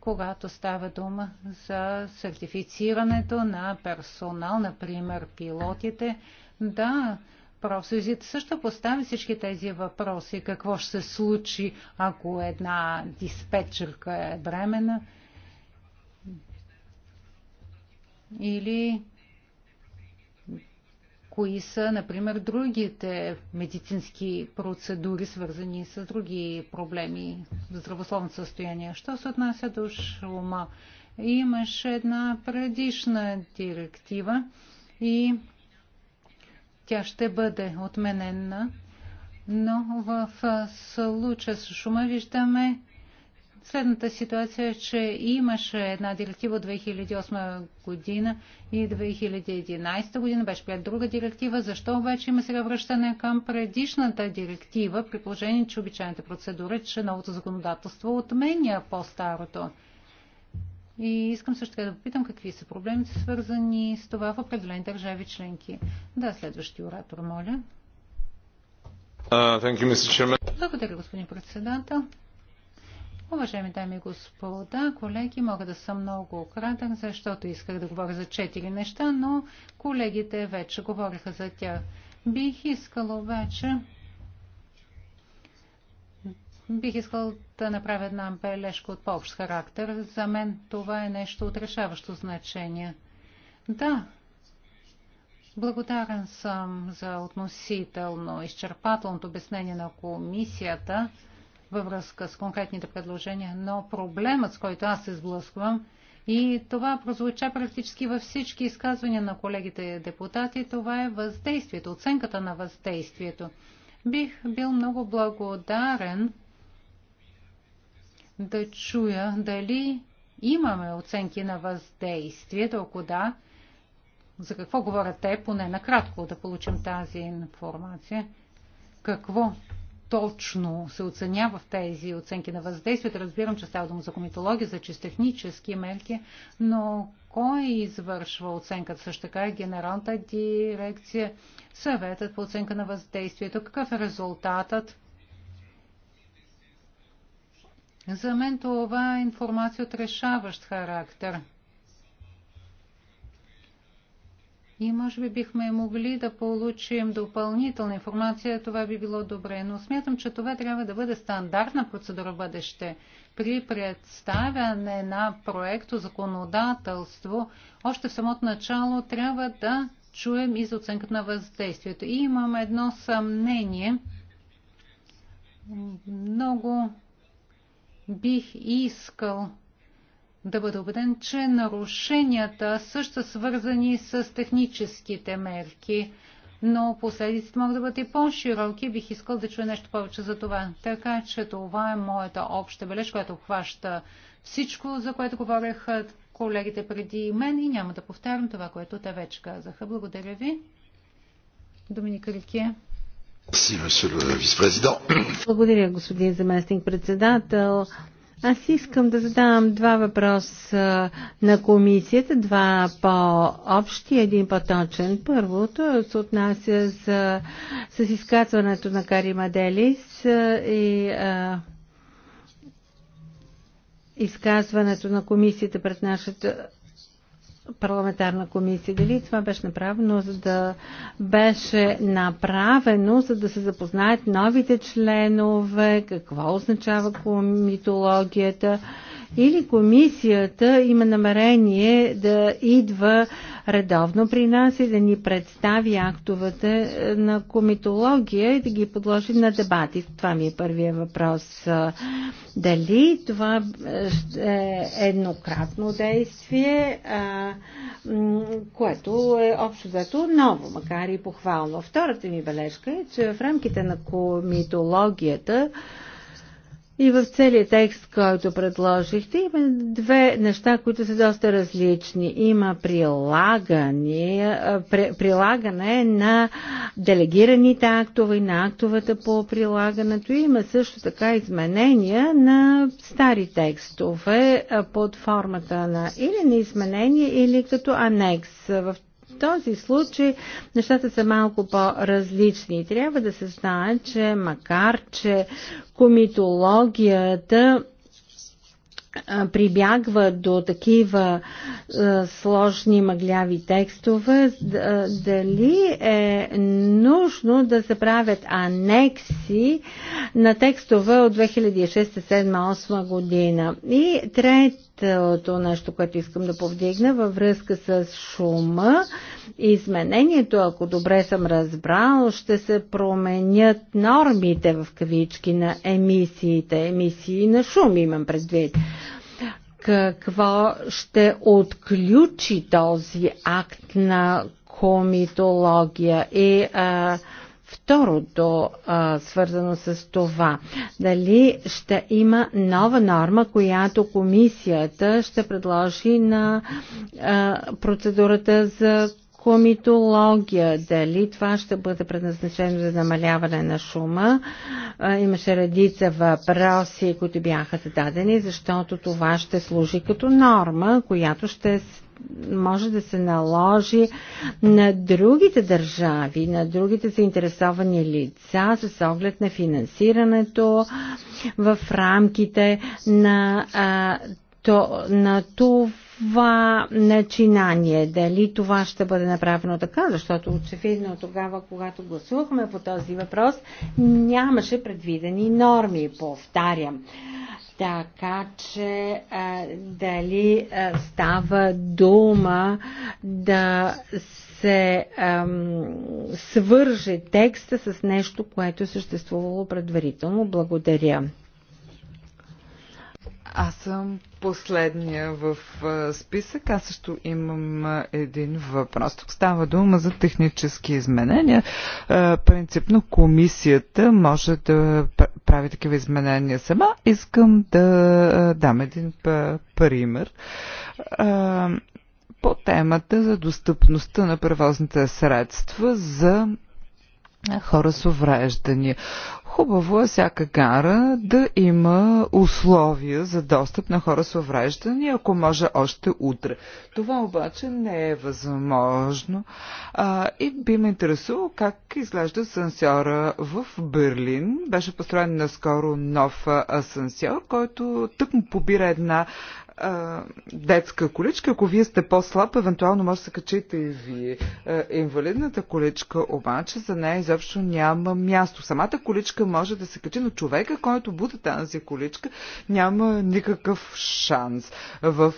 когато става дума за сертифицирането на персонал, например пилотите. Да, профсъюзите също поставя всички тези въпроси. Какво ще се случи, ако една диспетчерка е бремена? Или кои са, например, другите медицински процедури, свързани с други проблеми в здравословното състояние. Що се отнася до шума? Имаше една предишна директива и тя ще бъде отменена, но в случая с шума виждаме следната ситуация, е, че имаше една директива от 2008 година и 2011 година, беше прият друга директива. Защо обаче има сега връщане към предишната директива, при положение, че обичайната процедура, е, че новото законодателство отменя по-старото? И искам също така да попитам какви са проблемите, свързани с това в определени държави членки. Да, следващия оратор, моля. Uh, you, Благодаря, господин председател. Уважаеми дами и господа, колеги, мога да съм много кратък, защото исках да говоря за четири неща, но колегите вече говориха за тях. Бих искал обаче бих искал да направя една бележка от по-общ характер. За мен това е нещо от решаващо значение. Да, благодарен съм за относително изчерпателното обяснение на комисията – във връзка с конкретните предложения, но проблемът, с който аз се сблъсквам, и това прозвуча практически във всички изказвания на колегите депутати, това е въздействието, оценката на въздействието. Бих бил много благодарен да чуя дали имаме оценки на въздействието, ако да, за какво говорят те, поне накратко да получим тази информация. Какво точно се оценява в тези оценки на въздействието. Разбирам, че става дума за комитология, за чисто технически мерки, но кой извършва оценката? Също така е генералната дирекция, съветът по оценка на въздействието. Какъв е резултатът? За мен това е информация от решаващ характер – и може би бихме могли да получим допълнителна информация, това би било добре. Но смятам, че това трябва да бъде стандартна процедура в бъдеще. При представяне на проекто законодателство, още в самото начало трябва да чуем и за оценката на въздействието. И имам едно съмнение. Много бих искал да бъда убеден, че нарушенията също свързани с техническите мерки, но последиците могат да бъдат и по-широки. Бих искал да чуя нещо повече за това. Така че това е моята обща бележ, която хваща всичко, за което говорех колегите преди мен и няма да повтарям това, което те вече казаха. Благодаря ви. Доминика Рикия. Благодаря, господин заместник председател. Аз искам да задам два въпроса на комисията, два по-общи, един по-точен. Първото се отнася за, с изказването на Кари Маделис и а, изказването на комисията пред нашата парламентарна комисия. Дали това беше направено, за да беше направено, за да се запознаят новите членове, какво означава комитологията или комисията има намерение да идва редовно при нас и да ни представи актовете е, на комитология и да ги подложи на дебати. Това ми е първия въпрос. Дали това е, е еднократно действие, което е общо взето ново, макар и похвално. Втората ми бележка е, че в рамките на комитологията и в целият текст, който предложихте, има две неща, които са доста различни. Има прилагане, прилагане на делегираните актове и на актовете по прилагането. И има също така изменения на стари текстове под формата на или на изменение, или като анекс. В този случай нещата са малко по-различни. Трябва да се знае, че макар, че комитологията прибягва до такива е, сложни мъгляви текстове, дали е нужно да се правят анекси на текстове от 2006-2007-2008 година. И третото нещо, което искам да повдигна във връзка с шума, изменението, ако добре съм разбрал, ще се променят нормите в кавички на емисиите, емисии на шум имам предвид какво ще отключи този акт на комитология и а, второто, а, свързано с това, дали ще има нова норма, която комисията ще предложи на а, процедурата за комитология, дали това ще бъде предназначено за намаляване на шума. Имаше редица въпроси, които бяха зададени, защото това ще служи като норма, която ще може да се наложи на другите държави, на другите заинтересовани лица с оглед на финансирането в рамките на а, то, на това начинание. Дали това ще бъде направено така, защото очевидно тогава, когато гласувахме по този въпрос, нямаше предвидени норми, повтарям. Така че а, дали а, става дума да се ам, свърже текста с нещо, което е съществувало предварително. Благодаря. Аз съм последния в списък. Аз също имам един въпрос. Тук става дума за технически изменения. Принципно комисията може да прави такива изменения сама. Искам да дам един пример по темата за достъпността на превозните средства за хора с увреждания. Хубаво е всяка гара да има условия за достъп на хора с увреждани, ако може още утре. Това обаче не е възможно. А, и би ме интересувало как изглежда асансьора в Берлин. Беше построен наскоро нов асансьор, който тък му побира една а, детска количка. Ако вие сте по-слаб, евентуално може да се качите и вие. А, инвалидната количка обаче за нея изобщо няма място. Самата количка може да се качи, но човека, който буда тази количка, няма никакъв шанс. В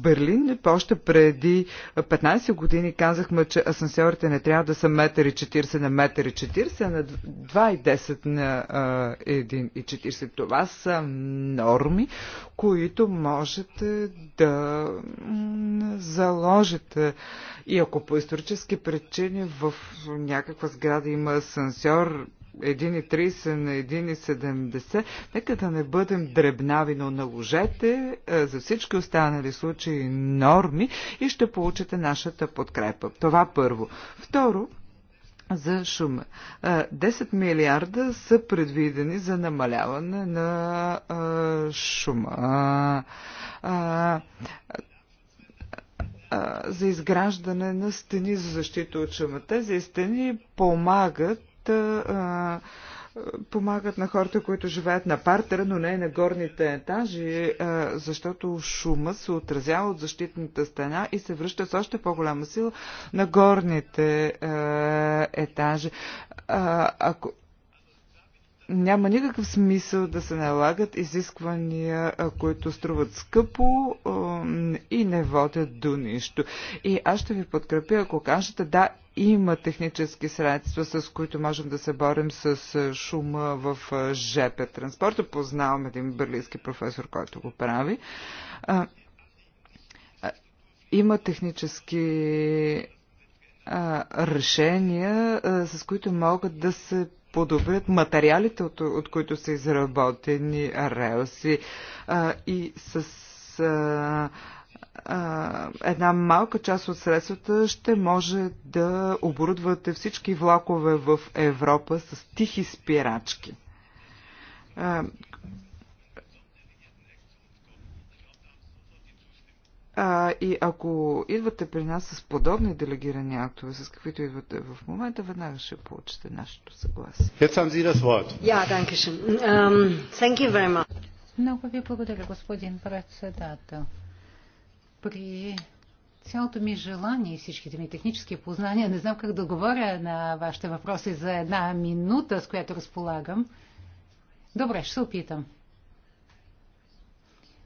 Берлин, още преди 15 години казахме, че асансьорите не трябва да са 1,40 на 1,40, а на 2,10 на 1,40. Това са норми, които можете да заложите. И ако по исторически причини в някаква сграда има асансьор, 1,30 на 1,70. Нека да не бъдем дребнави, но наложете е, за всички останали случаи норми и ще получите нашата подкрепа. Това първо. Второ, за шума. 10 е, милиарда са предвидени за намаляване на е, шума за изграждане на стени за защита от шума. Тези стени помагат а, помагат на хората, които живеят на партера, но не на горните етажи, защото шума се отразява от защитната стена и се връща с още по-голяма сила на горните етажи. Ако няма никакъв смисъл да се налагат изисквания, които струват скъпо и не водят до нищо. И аз ще ви подкрепя, ако кажете да, има технически средства, с които можем да се борим с шума в ЖП транспорта. Познавам един берлински професор, който го прави. Има технически решения, с които могат да се подобрят материалите, от, от които са изработени релси. А, и с а, една малка част от средствата ще може да оборудвате всички влакове в Европа с тихи спирачки. А, и ако идвате при нас с подобни делегирани актове, с каквито идвате в момента, веднага ще получите нашето съгласие. Ehm, Много ви благодаря, господин председател при цялото ми желание и всичките ми технически познания, не знам как да говоря на вашите въпроси за една минута, с която разполагам. Добре, ще се опитам.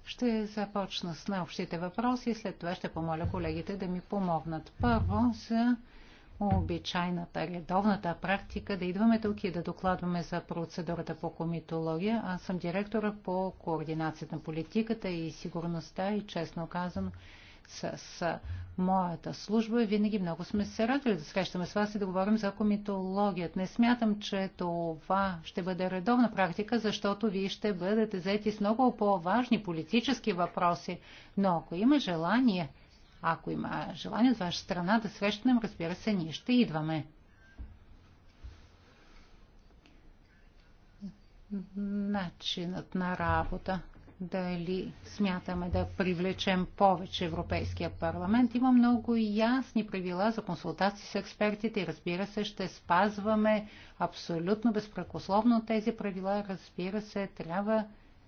Ще започна с наобщите въпроси, и след това ще помоля колегите да ми помогнат. Първо за обичайната, редовната практика да идваме тук и да докладваме за процедурата по комитология. Аз съм директора по координацията на политиката и сигурността и честно казано с, с моята служба винаги много сме се радвали да срещаме с вас и да говорим за комитологията. Не смятам, че това ще бъде редовна практика, защото вие ще бъдете заети с много по-важни политически въпроси. Но ако има желание ако има желание от ваша страна да срещнем, разбира се, ние ще идваме. Начинът на работа. Дали смятаме да привлечем повече Европейския парламент? Има много ясни правила за консултации с експертите и разбира се, ще спазваме абсолютно безпрекословно тези правила. Разбира се, трябва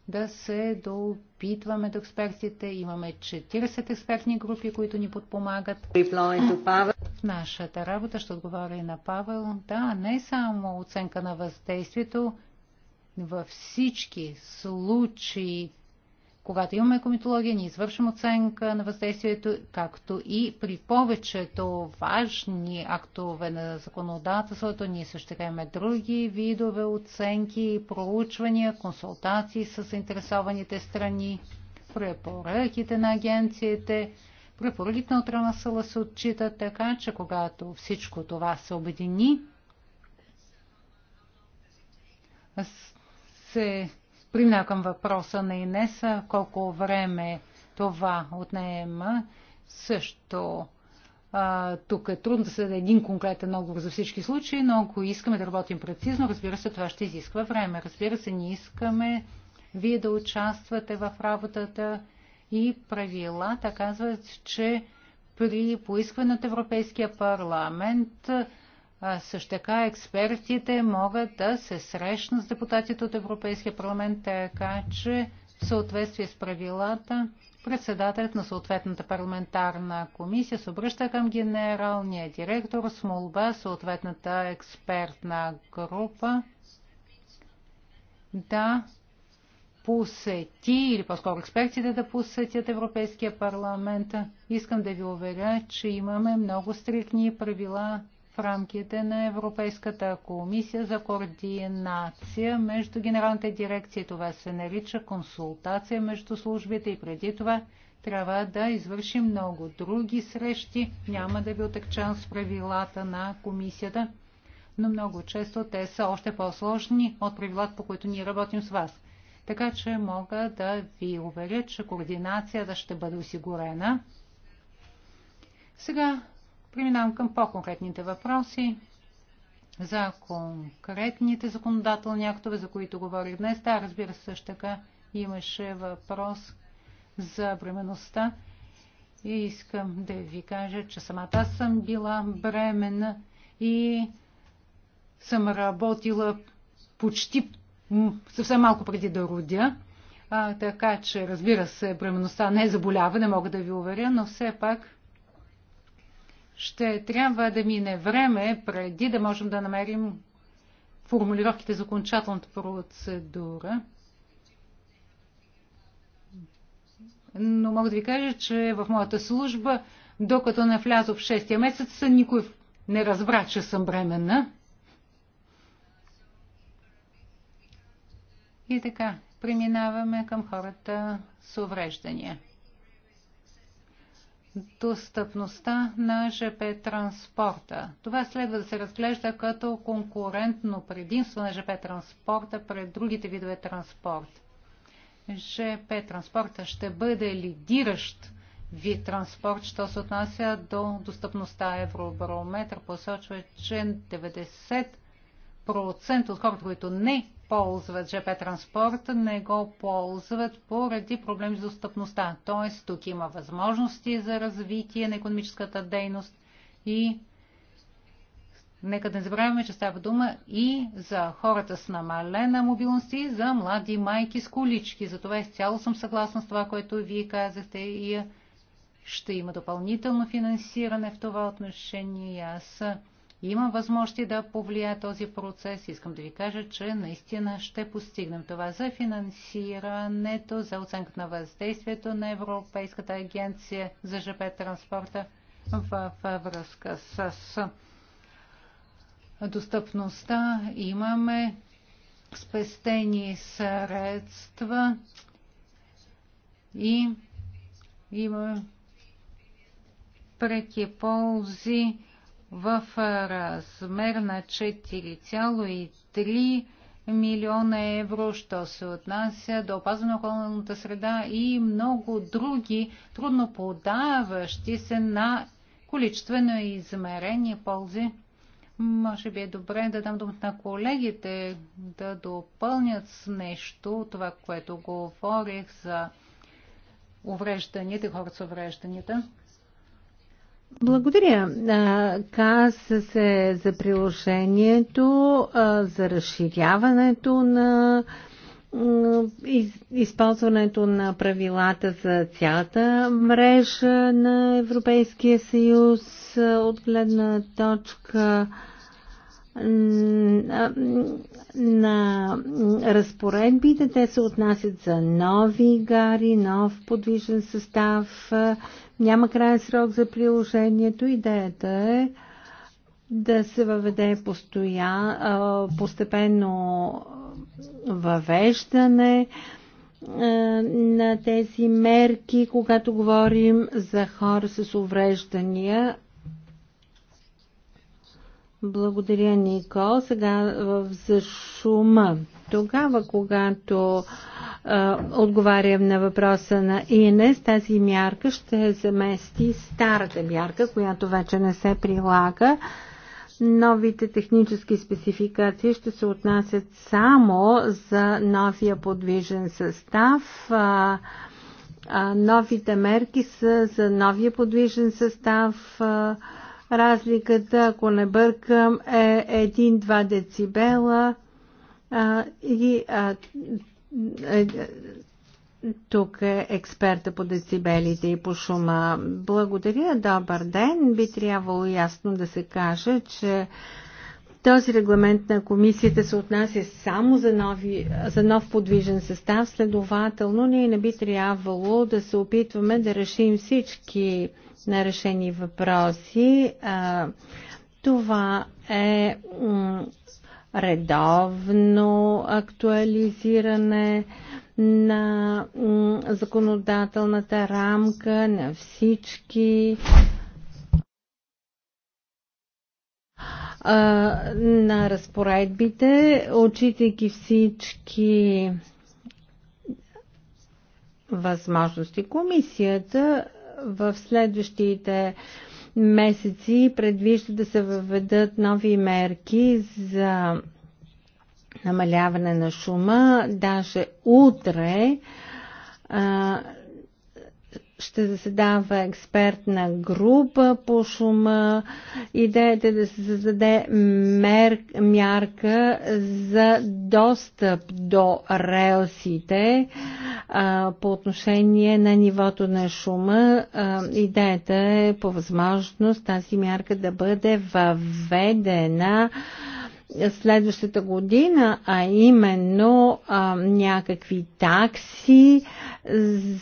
да се допитваме до експертите. Имаме 40 експертни групи, които ни подпомагат. В нашата работа ще отговоря и на Павел. Да, не само оценка на въздействието, във всички случаи когато имаме комитология, ние извършим оценка на въздействието, както и при повечето важни актове на законодателството. Ние също така имаме други видове оценки, проучвания, консултации с заинтересованите страни, препоръките на агенциите. Препоръките на отрасъла се отчитат така, че когато всичко това се обедини, се преминавам към въпроса на Инеса, колко време това отнема. Също а, тук е трудно да се даде един конкретен отговор за всички случаи, но ако искаме да работим прецизно, разбира се, това ще изисква време. Разбира се, ние искаме вие да участвате в работата и правилата казват, че при поискване от Европейския парламент също така експертите могат да се срещнат с депутатите от Европейския парламент, така че в съответствие с правилата председателят на съответната парламентарна комисия се обръща към генералния директор с молба съответната експертна група да посети, или по-скоро експертите да посетят Европейския парламент. Искам да ви уверя, че имаме много стрикни правила в рамките на Европейската комисия за координация между генералните дирекции. Това се нарича консултация между службите и преди това трябва да извършим много други срещи. Няма да ви отекчам с правилата на комисията, но много често те са още по-сложни от правилата, по които ние работим с вас. Така че мога да ви уверя, че координацията ще бъде осигурена. Сега Преминавам към по-конкретните въпроси за конкретните законодателни актове, за които говорих днес. Да, разбира се, също така имаше въпрос за бременността. И искам да ви кажа, че самата съм била бременна и съм работила почти съвсем малко преди да родя. А, така че, разбира се, бременността не е заболяване, мога да ви уверя, но все пак ще трябва да мине време преди да можем да намерим формулировките за окончателната процедура. Но мога да ви кажа, че в моята служба, докато не влязох в 6 месец, никой не разбра, че съм бременна. И така, преминаваме към хората с увреждания достъпността на ЖП транспорта. Това следва да се разглежда като конкурентно предимство на ЖП транспорта пред другите видове транспорт. ЖП транспорта ще бъде лидиращ вид транспорт, що се отнася до достъпността. Евробарометър посочва, че 90% от хората, които не ползват ЖП транспорт, не го ползват поради проблеми с достъпността. Т.е. тук има възможности за развитие на економическата дейност и нека да не забравяме, че става дума и за хората с намалена мобилност и за млади майки с колички. Затова изцяло съм съгласна с това, което вие казахте и ще има допълнително финансиране в това отношение. Аз имам възможности да повлия този процес. Искам да ви кажа, че наистина ще постигнем това за финансирането, за оценка на въздействието на Европейската агенция за ЖП транспорта в връзка с достъпността. Имаме спестени средства и има преки ползи в размер на 4,3 милиона евро, що се отнася до опазване на околната среда и много други трудно подаващи се на количествено измерение ползи. Може би е добре да дам думата на колегите да допълнят с нещо това, което говорих за увреждането хората с уврежданията. Благодаря. Каза се за приложението, за разширяването на използването на правилата за цялата мрежа на Европейския съюз от гледна точка на разпоредбите. Те се отнасят за нови гари, нов подвижен състав, няма крайен срок за приложението. Идеята е да се въведе постоя, постепенно въвеждане на тези мерки, когато говорим за хора с увреждания. Благодаря, Нико. Сега в за шума. Тогава, когато отговарям на въпроса на Инес, тази мярка ще замести старата мярка, която вече не се прилага. Новите технически спецификации ще се отнасят само за новия подвижен състав. Новите мерки са за новия подвижен състав. Разликата, ако не бъркам, е 1-2 децибела и тук е експерта по децибелите и по шума. Благодаря, добър ден. Би трябвало ясно да се каже, че този регламент на комисията се отнася само за, нови, за нов подвижен състав, следователно ние не би трябвало да се опитваме да решим всички нарешени въпроси. Това е редовно актуализиране на законодателната рамка на всички на разпоредбите, отчитайки всички възможности. Комисията в следващите месеци предвижда да се въведат нови мерки за намаляване на шума. Даже утре а, ще заседава експертна група по шума. Идеята е да се създаде мер, мярка за достъп до релсите а, по отношение на нивото на шума. А, идеята е по възможност тази мярка да бъде въведена а, следващата година, а именно а, някакви такси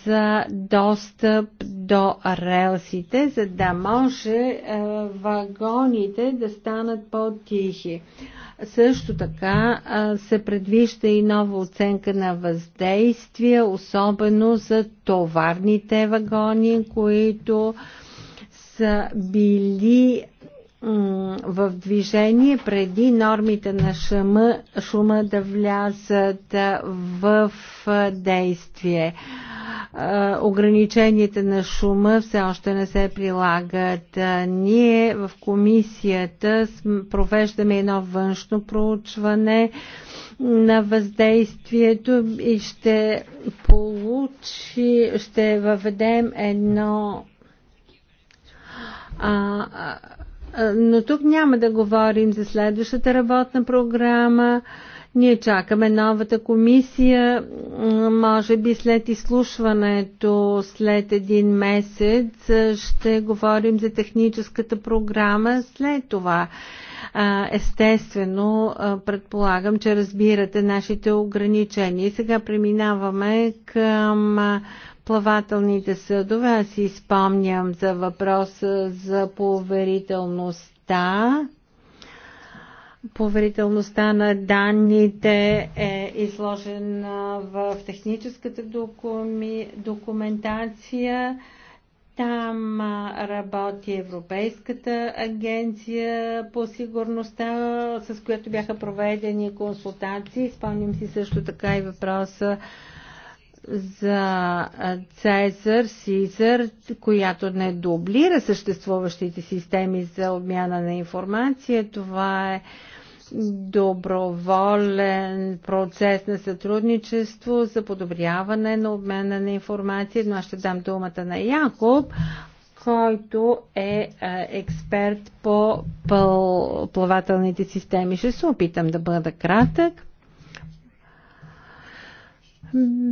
за достъп до релсите, за да може а, е, вагоните да станат по-тихи. Също така а, се предвижда и нова оценка на въздействие, особено за товарните вагони, които са били в движение преди нормите на шума, шума да влязат в действие. Ограниченията на шума все още не се прилагат. Ние в комисията провеждаме едно външно проучване на въздействието и ще получи, ще въведем едно а, но тук няма да говорим за следващата работна програма. Ние чакаме новата комисия, може би след изслушването, след един месец, ще говорим за техническата програма след това. Естествено, предполагам, че разбирате нашите ограничения. Сега преминаваме към плавателните съдове. Аз си спомням за въпроса за поверителността. Поверителността на данните е изложена в техническата докуми... документация. Там работи Европейската агенция по сигурността, с която бяха проведени консултации. Спомням си също така и въпроса за Цезар, Сизър, която не дублира съществуващите системи за обмяна на информация. Това е доброволен процес на сътрудничество за подобряване на обмена на информация, но аз ще дам думата на Якоб, който е, е експерт по плавателните системи. Ще се опитам да бъда кратък.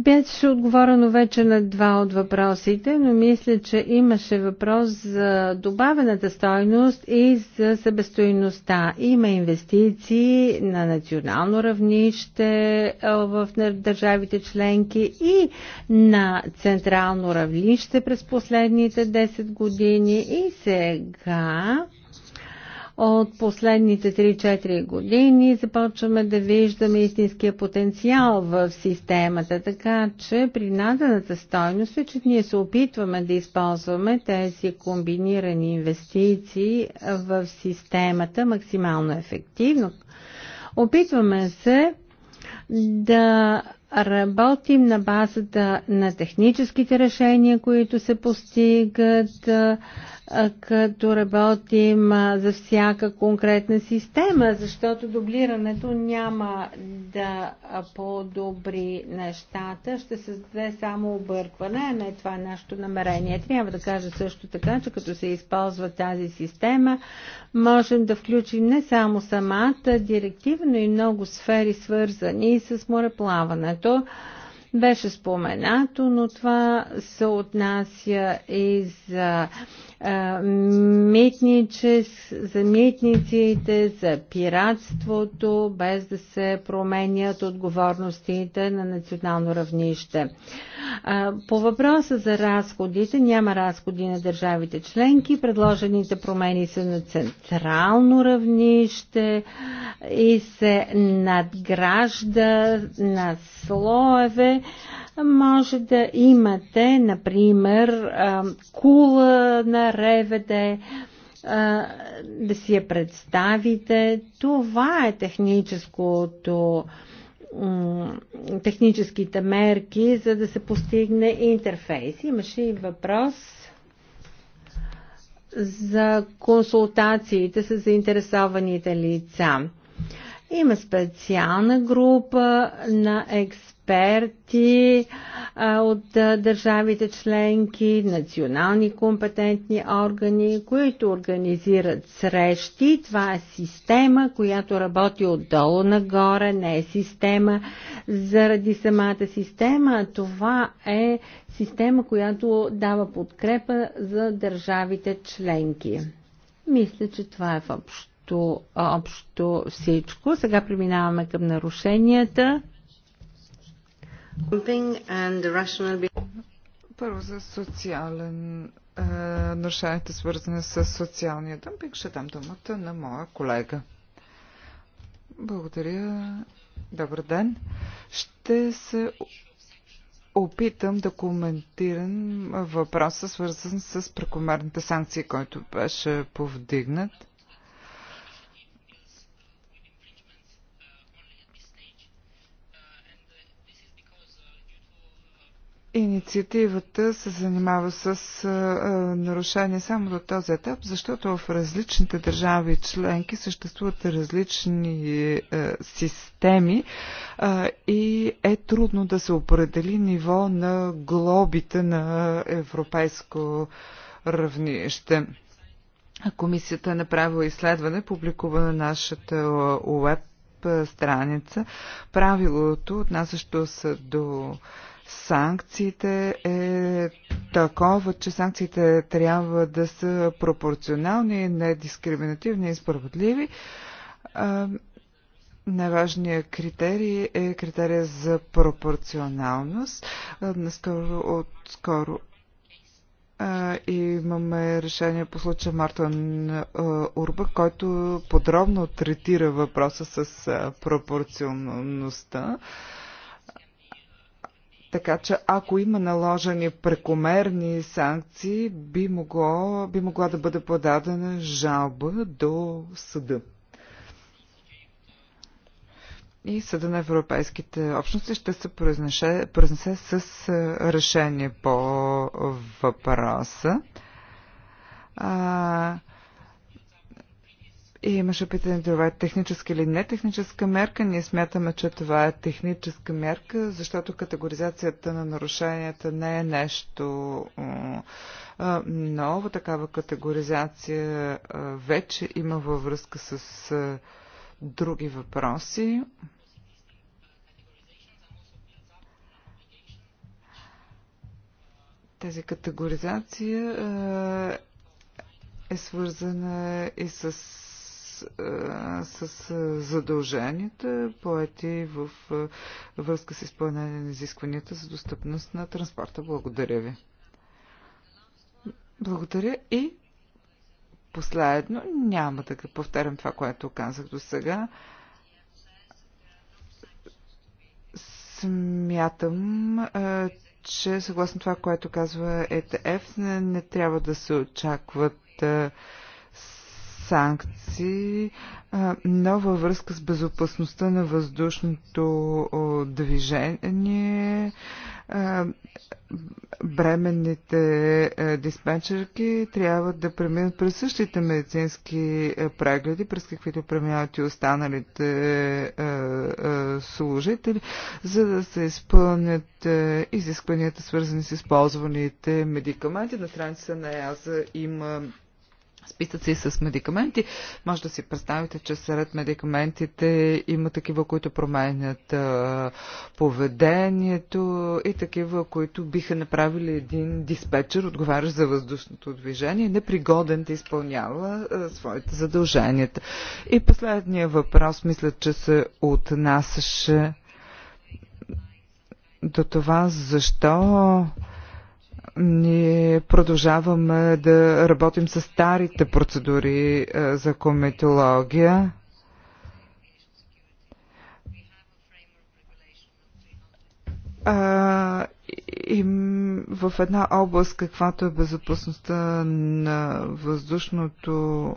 Беше отговорено вече на два от въпросите, но мисля, че имаше въпрос за добавената стойност и за себестойността. Има инвестиции на национално равнище в държавите членки и на централно равнище през последните 10 години и сега от последните 3-4 години започваме да виждаме истинския потенциал в системата, така че принадената стойност е, че ние се опитваме да използваме тези комбинирани инвестиции в системата максимално ефективно. Опитваме се да работим на базата на техническите решения, които се постигат, като работим за всяка конкретна система, защото дублирането няма да подобри нещата, ще създаде само объркване, а не това е нашето намерение. Трябва да кажа също така, че като се използва тази система, можем да включим не само самата директива, но и много сфери свързани с мореплаването беше споменато, но това се отнася и за за митниците, за пиратството, без да се променят отговорностите на национално равнище. По въпроса за разходите, няма разходи на държавите членки, предложените промени са на централно равнище и се надгражда на слоеве може да имате, например, кула на реведе, да си я представите. Това е техническото техническите мерки, за да се постигне интерфейс. Имаше и въпрос за консултациите с заинтересованите лица. Има специална група на експерти, експерти от държавите членки, национални компетентни органи, които организират срещи. Това е система, която работи отдолу нагоре, не е система заради самата система, а това е система, която дава подкрепа за държавите членки. Мисля, че това е в общо, общо всичко. Сега преминаваме към нарушенията. Първо за социален е, нарушенията, свързани с социалния дъмпинг, ще дам думата на моя колега. Благодаря. Добър ден. Ще се опитам да коментирам въпроса, свързан с прекомерните санкции, който беше повдигнат. Инициативата се занимава с а, нарушение само до този етап, защото в различните държави членки съществуват различни а, системи а, и е трудно да се определи ниво на глобите на европейско равнище. Комисията е направила изследване, публикува на нашата уеб страница. Правилото, отнасящо се до санкциите е такова, че санкциите трябва да са пропорционални, недискриминативни и справедливи. Най-важният критерий е критерия за пропорционалност. Наскоро от скоро имаме решение по случая Мартин Урба, който подробно третира въпроса с пропорционалността. Така че ако има наложени прекомерни санкции, би, могло, би могла да бъде подадена жалба до съда. И съда на европейските общности ще се произнесе, произнесе с решение по въпроса. А, и имаше питане това е техническа или не техническа мерка. Ние смятаме, че това е техническа мерка, защото категоризацията на нарушенията не е нещо ново. Такава категоризация вече има във връзка с други въпроси. Тази категоризация е свързана и с е, с задълженията, поети в е, връзка с изпълнение на изискванията за достъпност на транспорта. Благодаря ви. Благодаря и последно, няма да повтарям това, което казах до сега. Смятам, е, че съгласно това, което казва ЕТФ, не, не трябва да се очакват а, санкции, но във връзка с безопасността на въздушното движение, бременните диспетчерки трябва да преминат през същите медицински прегледи, през каквито преминават и останалите служители, за да се изпълнят изискванията, свързани с използваните медикаменти. На страница на ЕАЗа има списъци с медикаменти. Може да си представите, че сред медикаментите има такива, които променят поведението и такива, които биха направили един диспетчер, отговарящ за въздушното движение, непригоден да изпълнява своите задълженията. И последния въпрос, мисля, че се отнасяше до това, защо ние продължаваме да работим с старите процедури е, за кометология. А, и в една област, каквато е безопасността на въздушното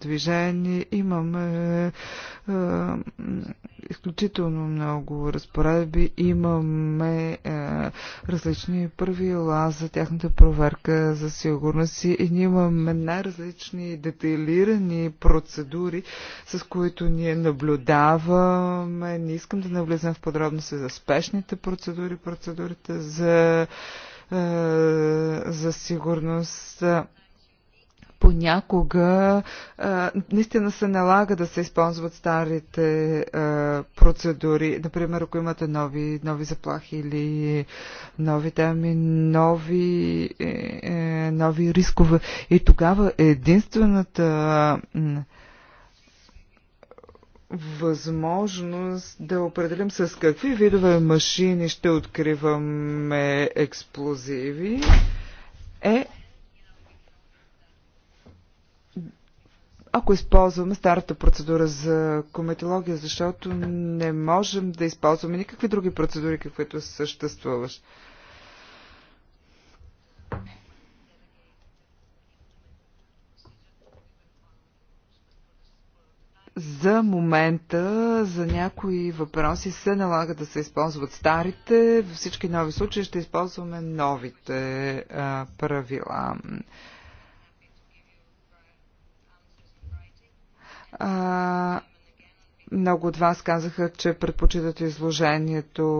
движение, имаме изключително много разпоредби, имаме различни правила за тяхната проверка за сигурност и ние имаме най-различни детайлирани процедури, с които ние наблюдаваме. Не искам да навлизам в подробности за спешните процедури, процедури хората за, за сигурност понякога е, наистина се налага да се използват старите е, процедури. Например, ако имате нови, нови заплахи или нови теми, нови, е, е нови рискове. И тогава единствената. Е, възможност да определим с какви видове машини ще откриваме експлозиви е ако използваме старата процедура за кометология, защото не можем да използваме никакви други процедури, каквито съществуваш. За момента за някои въпроси се налага да се използват старите. Във всички нови случаи ще използваме новите а, правила. А, много от вас казаха, че предпочитат изложението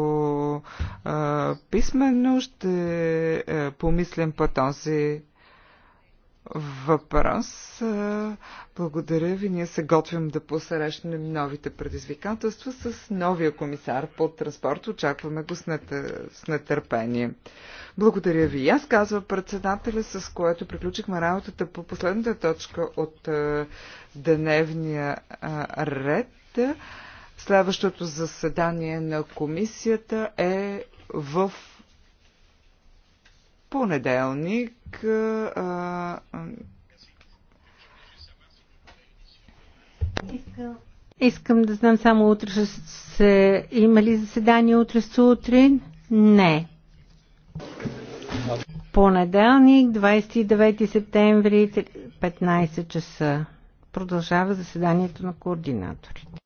а, писменно. Ще а, помислям по този въпрос. Е, благодаря ви. Ние се готвим да посрещнем новите предизвикателства с новия комисар по транспорт. Очакваме го с нетърпение. Благодаря ви. Аз казва председателя, с което приключихме работата по последната точка от е, дневния е, ред. Следващото заседание на комисията е в понеделник а, а, Искам. Искам да знам само утре ще се... Има ли заседание утре сутрин? Не. Понеделник, 29 септември, 15 часа. Продължава заседанието на координаторите.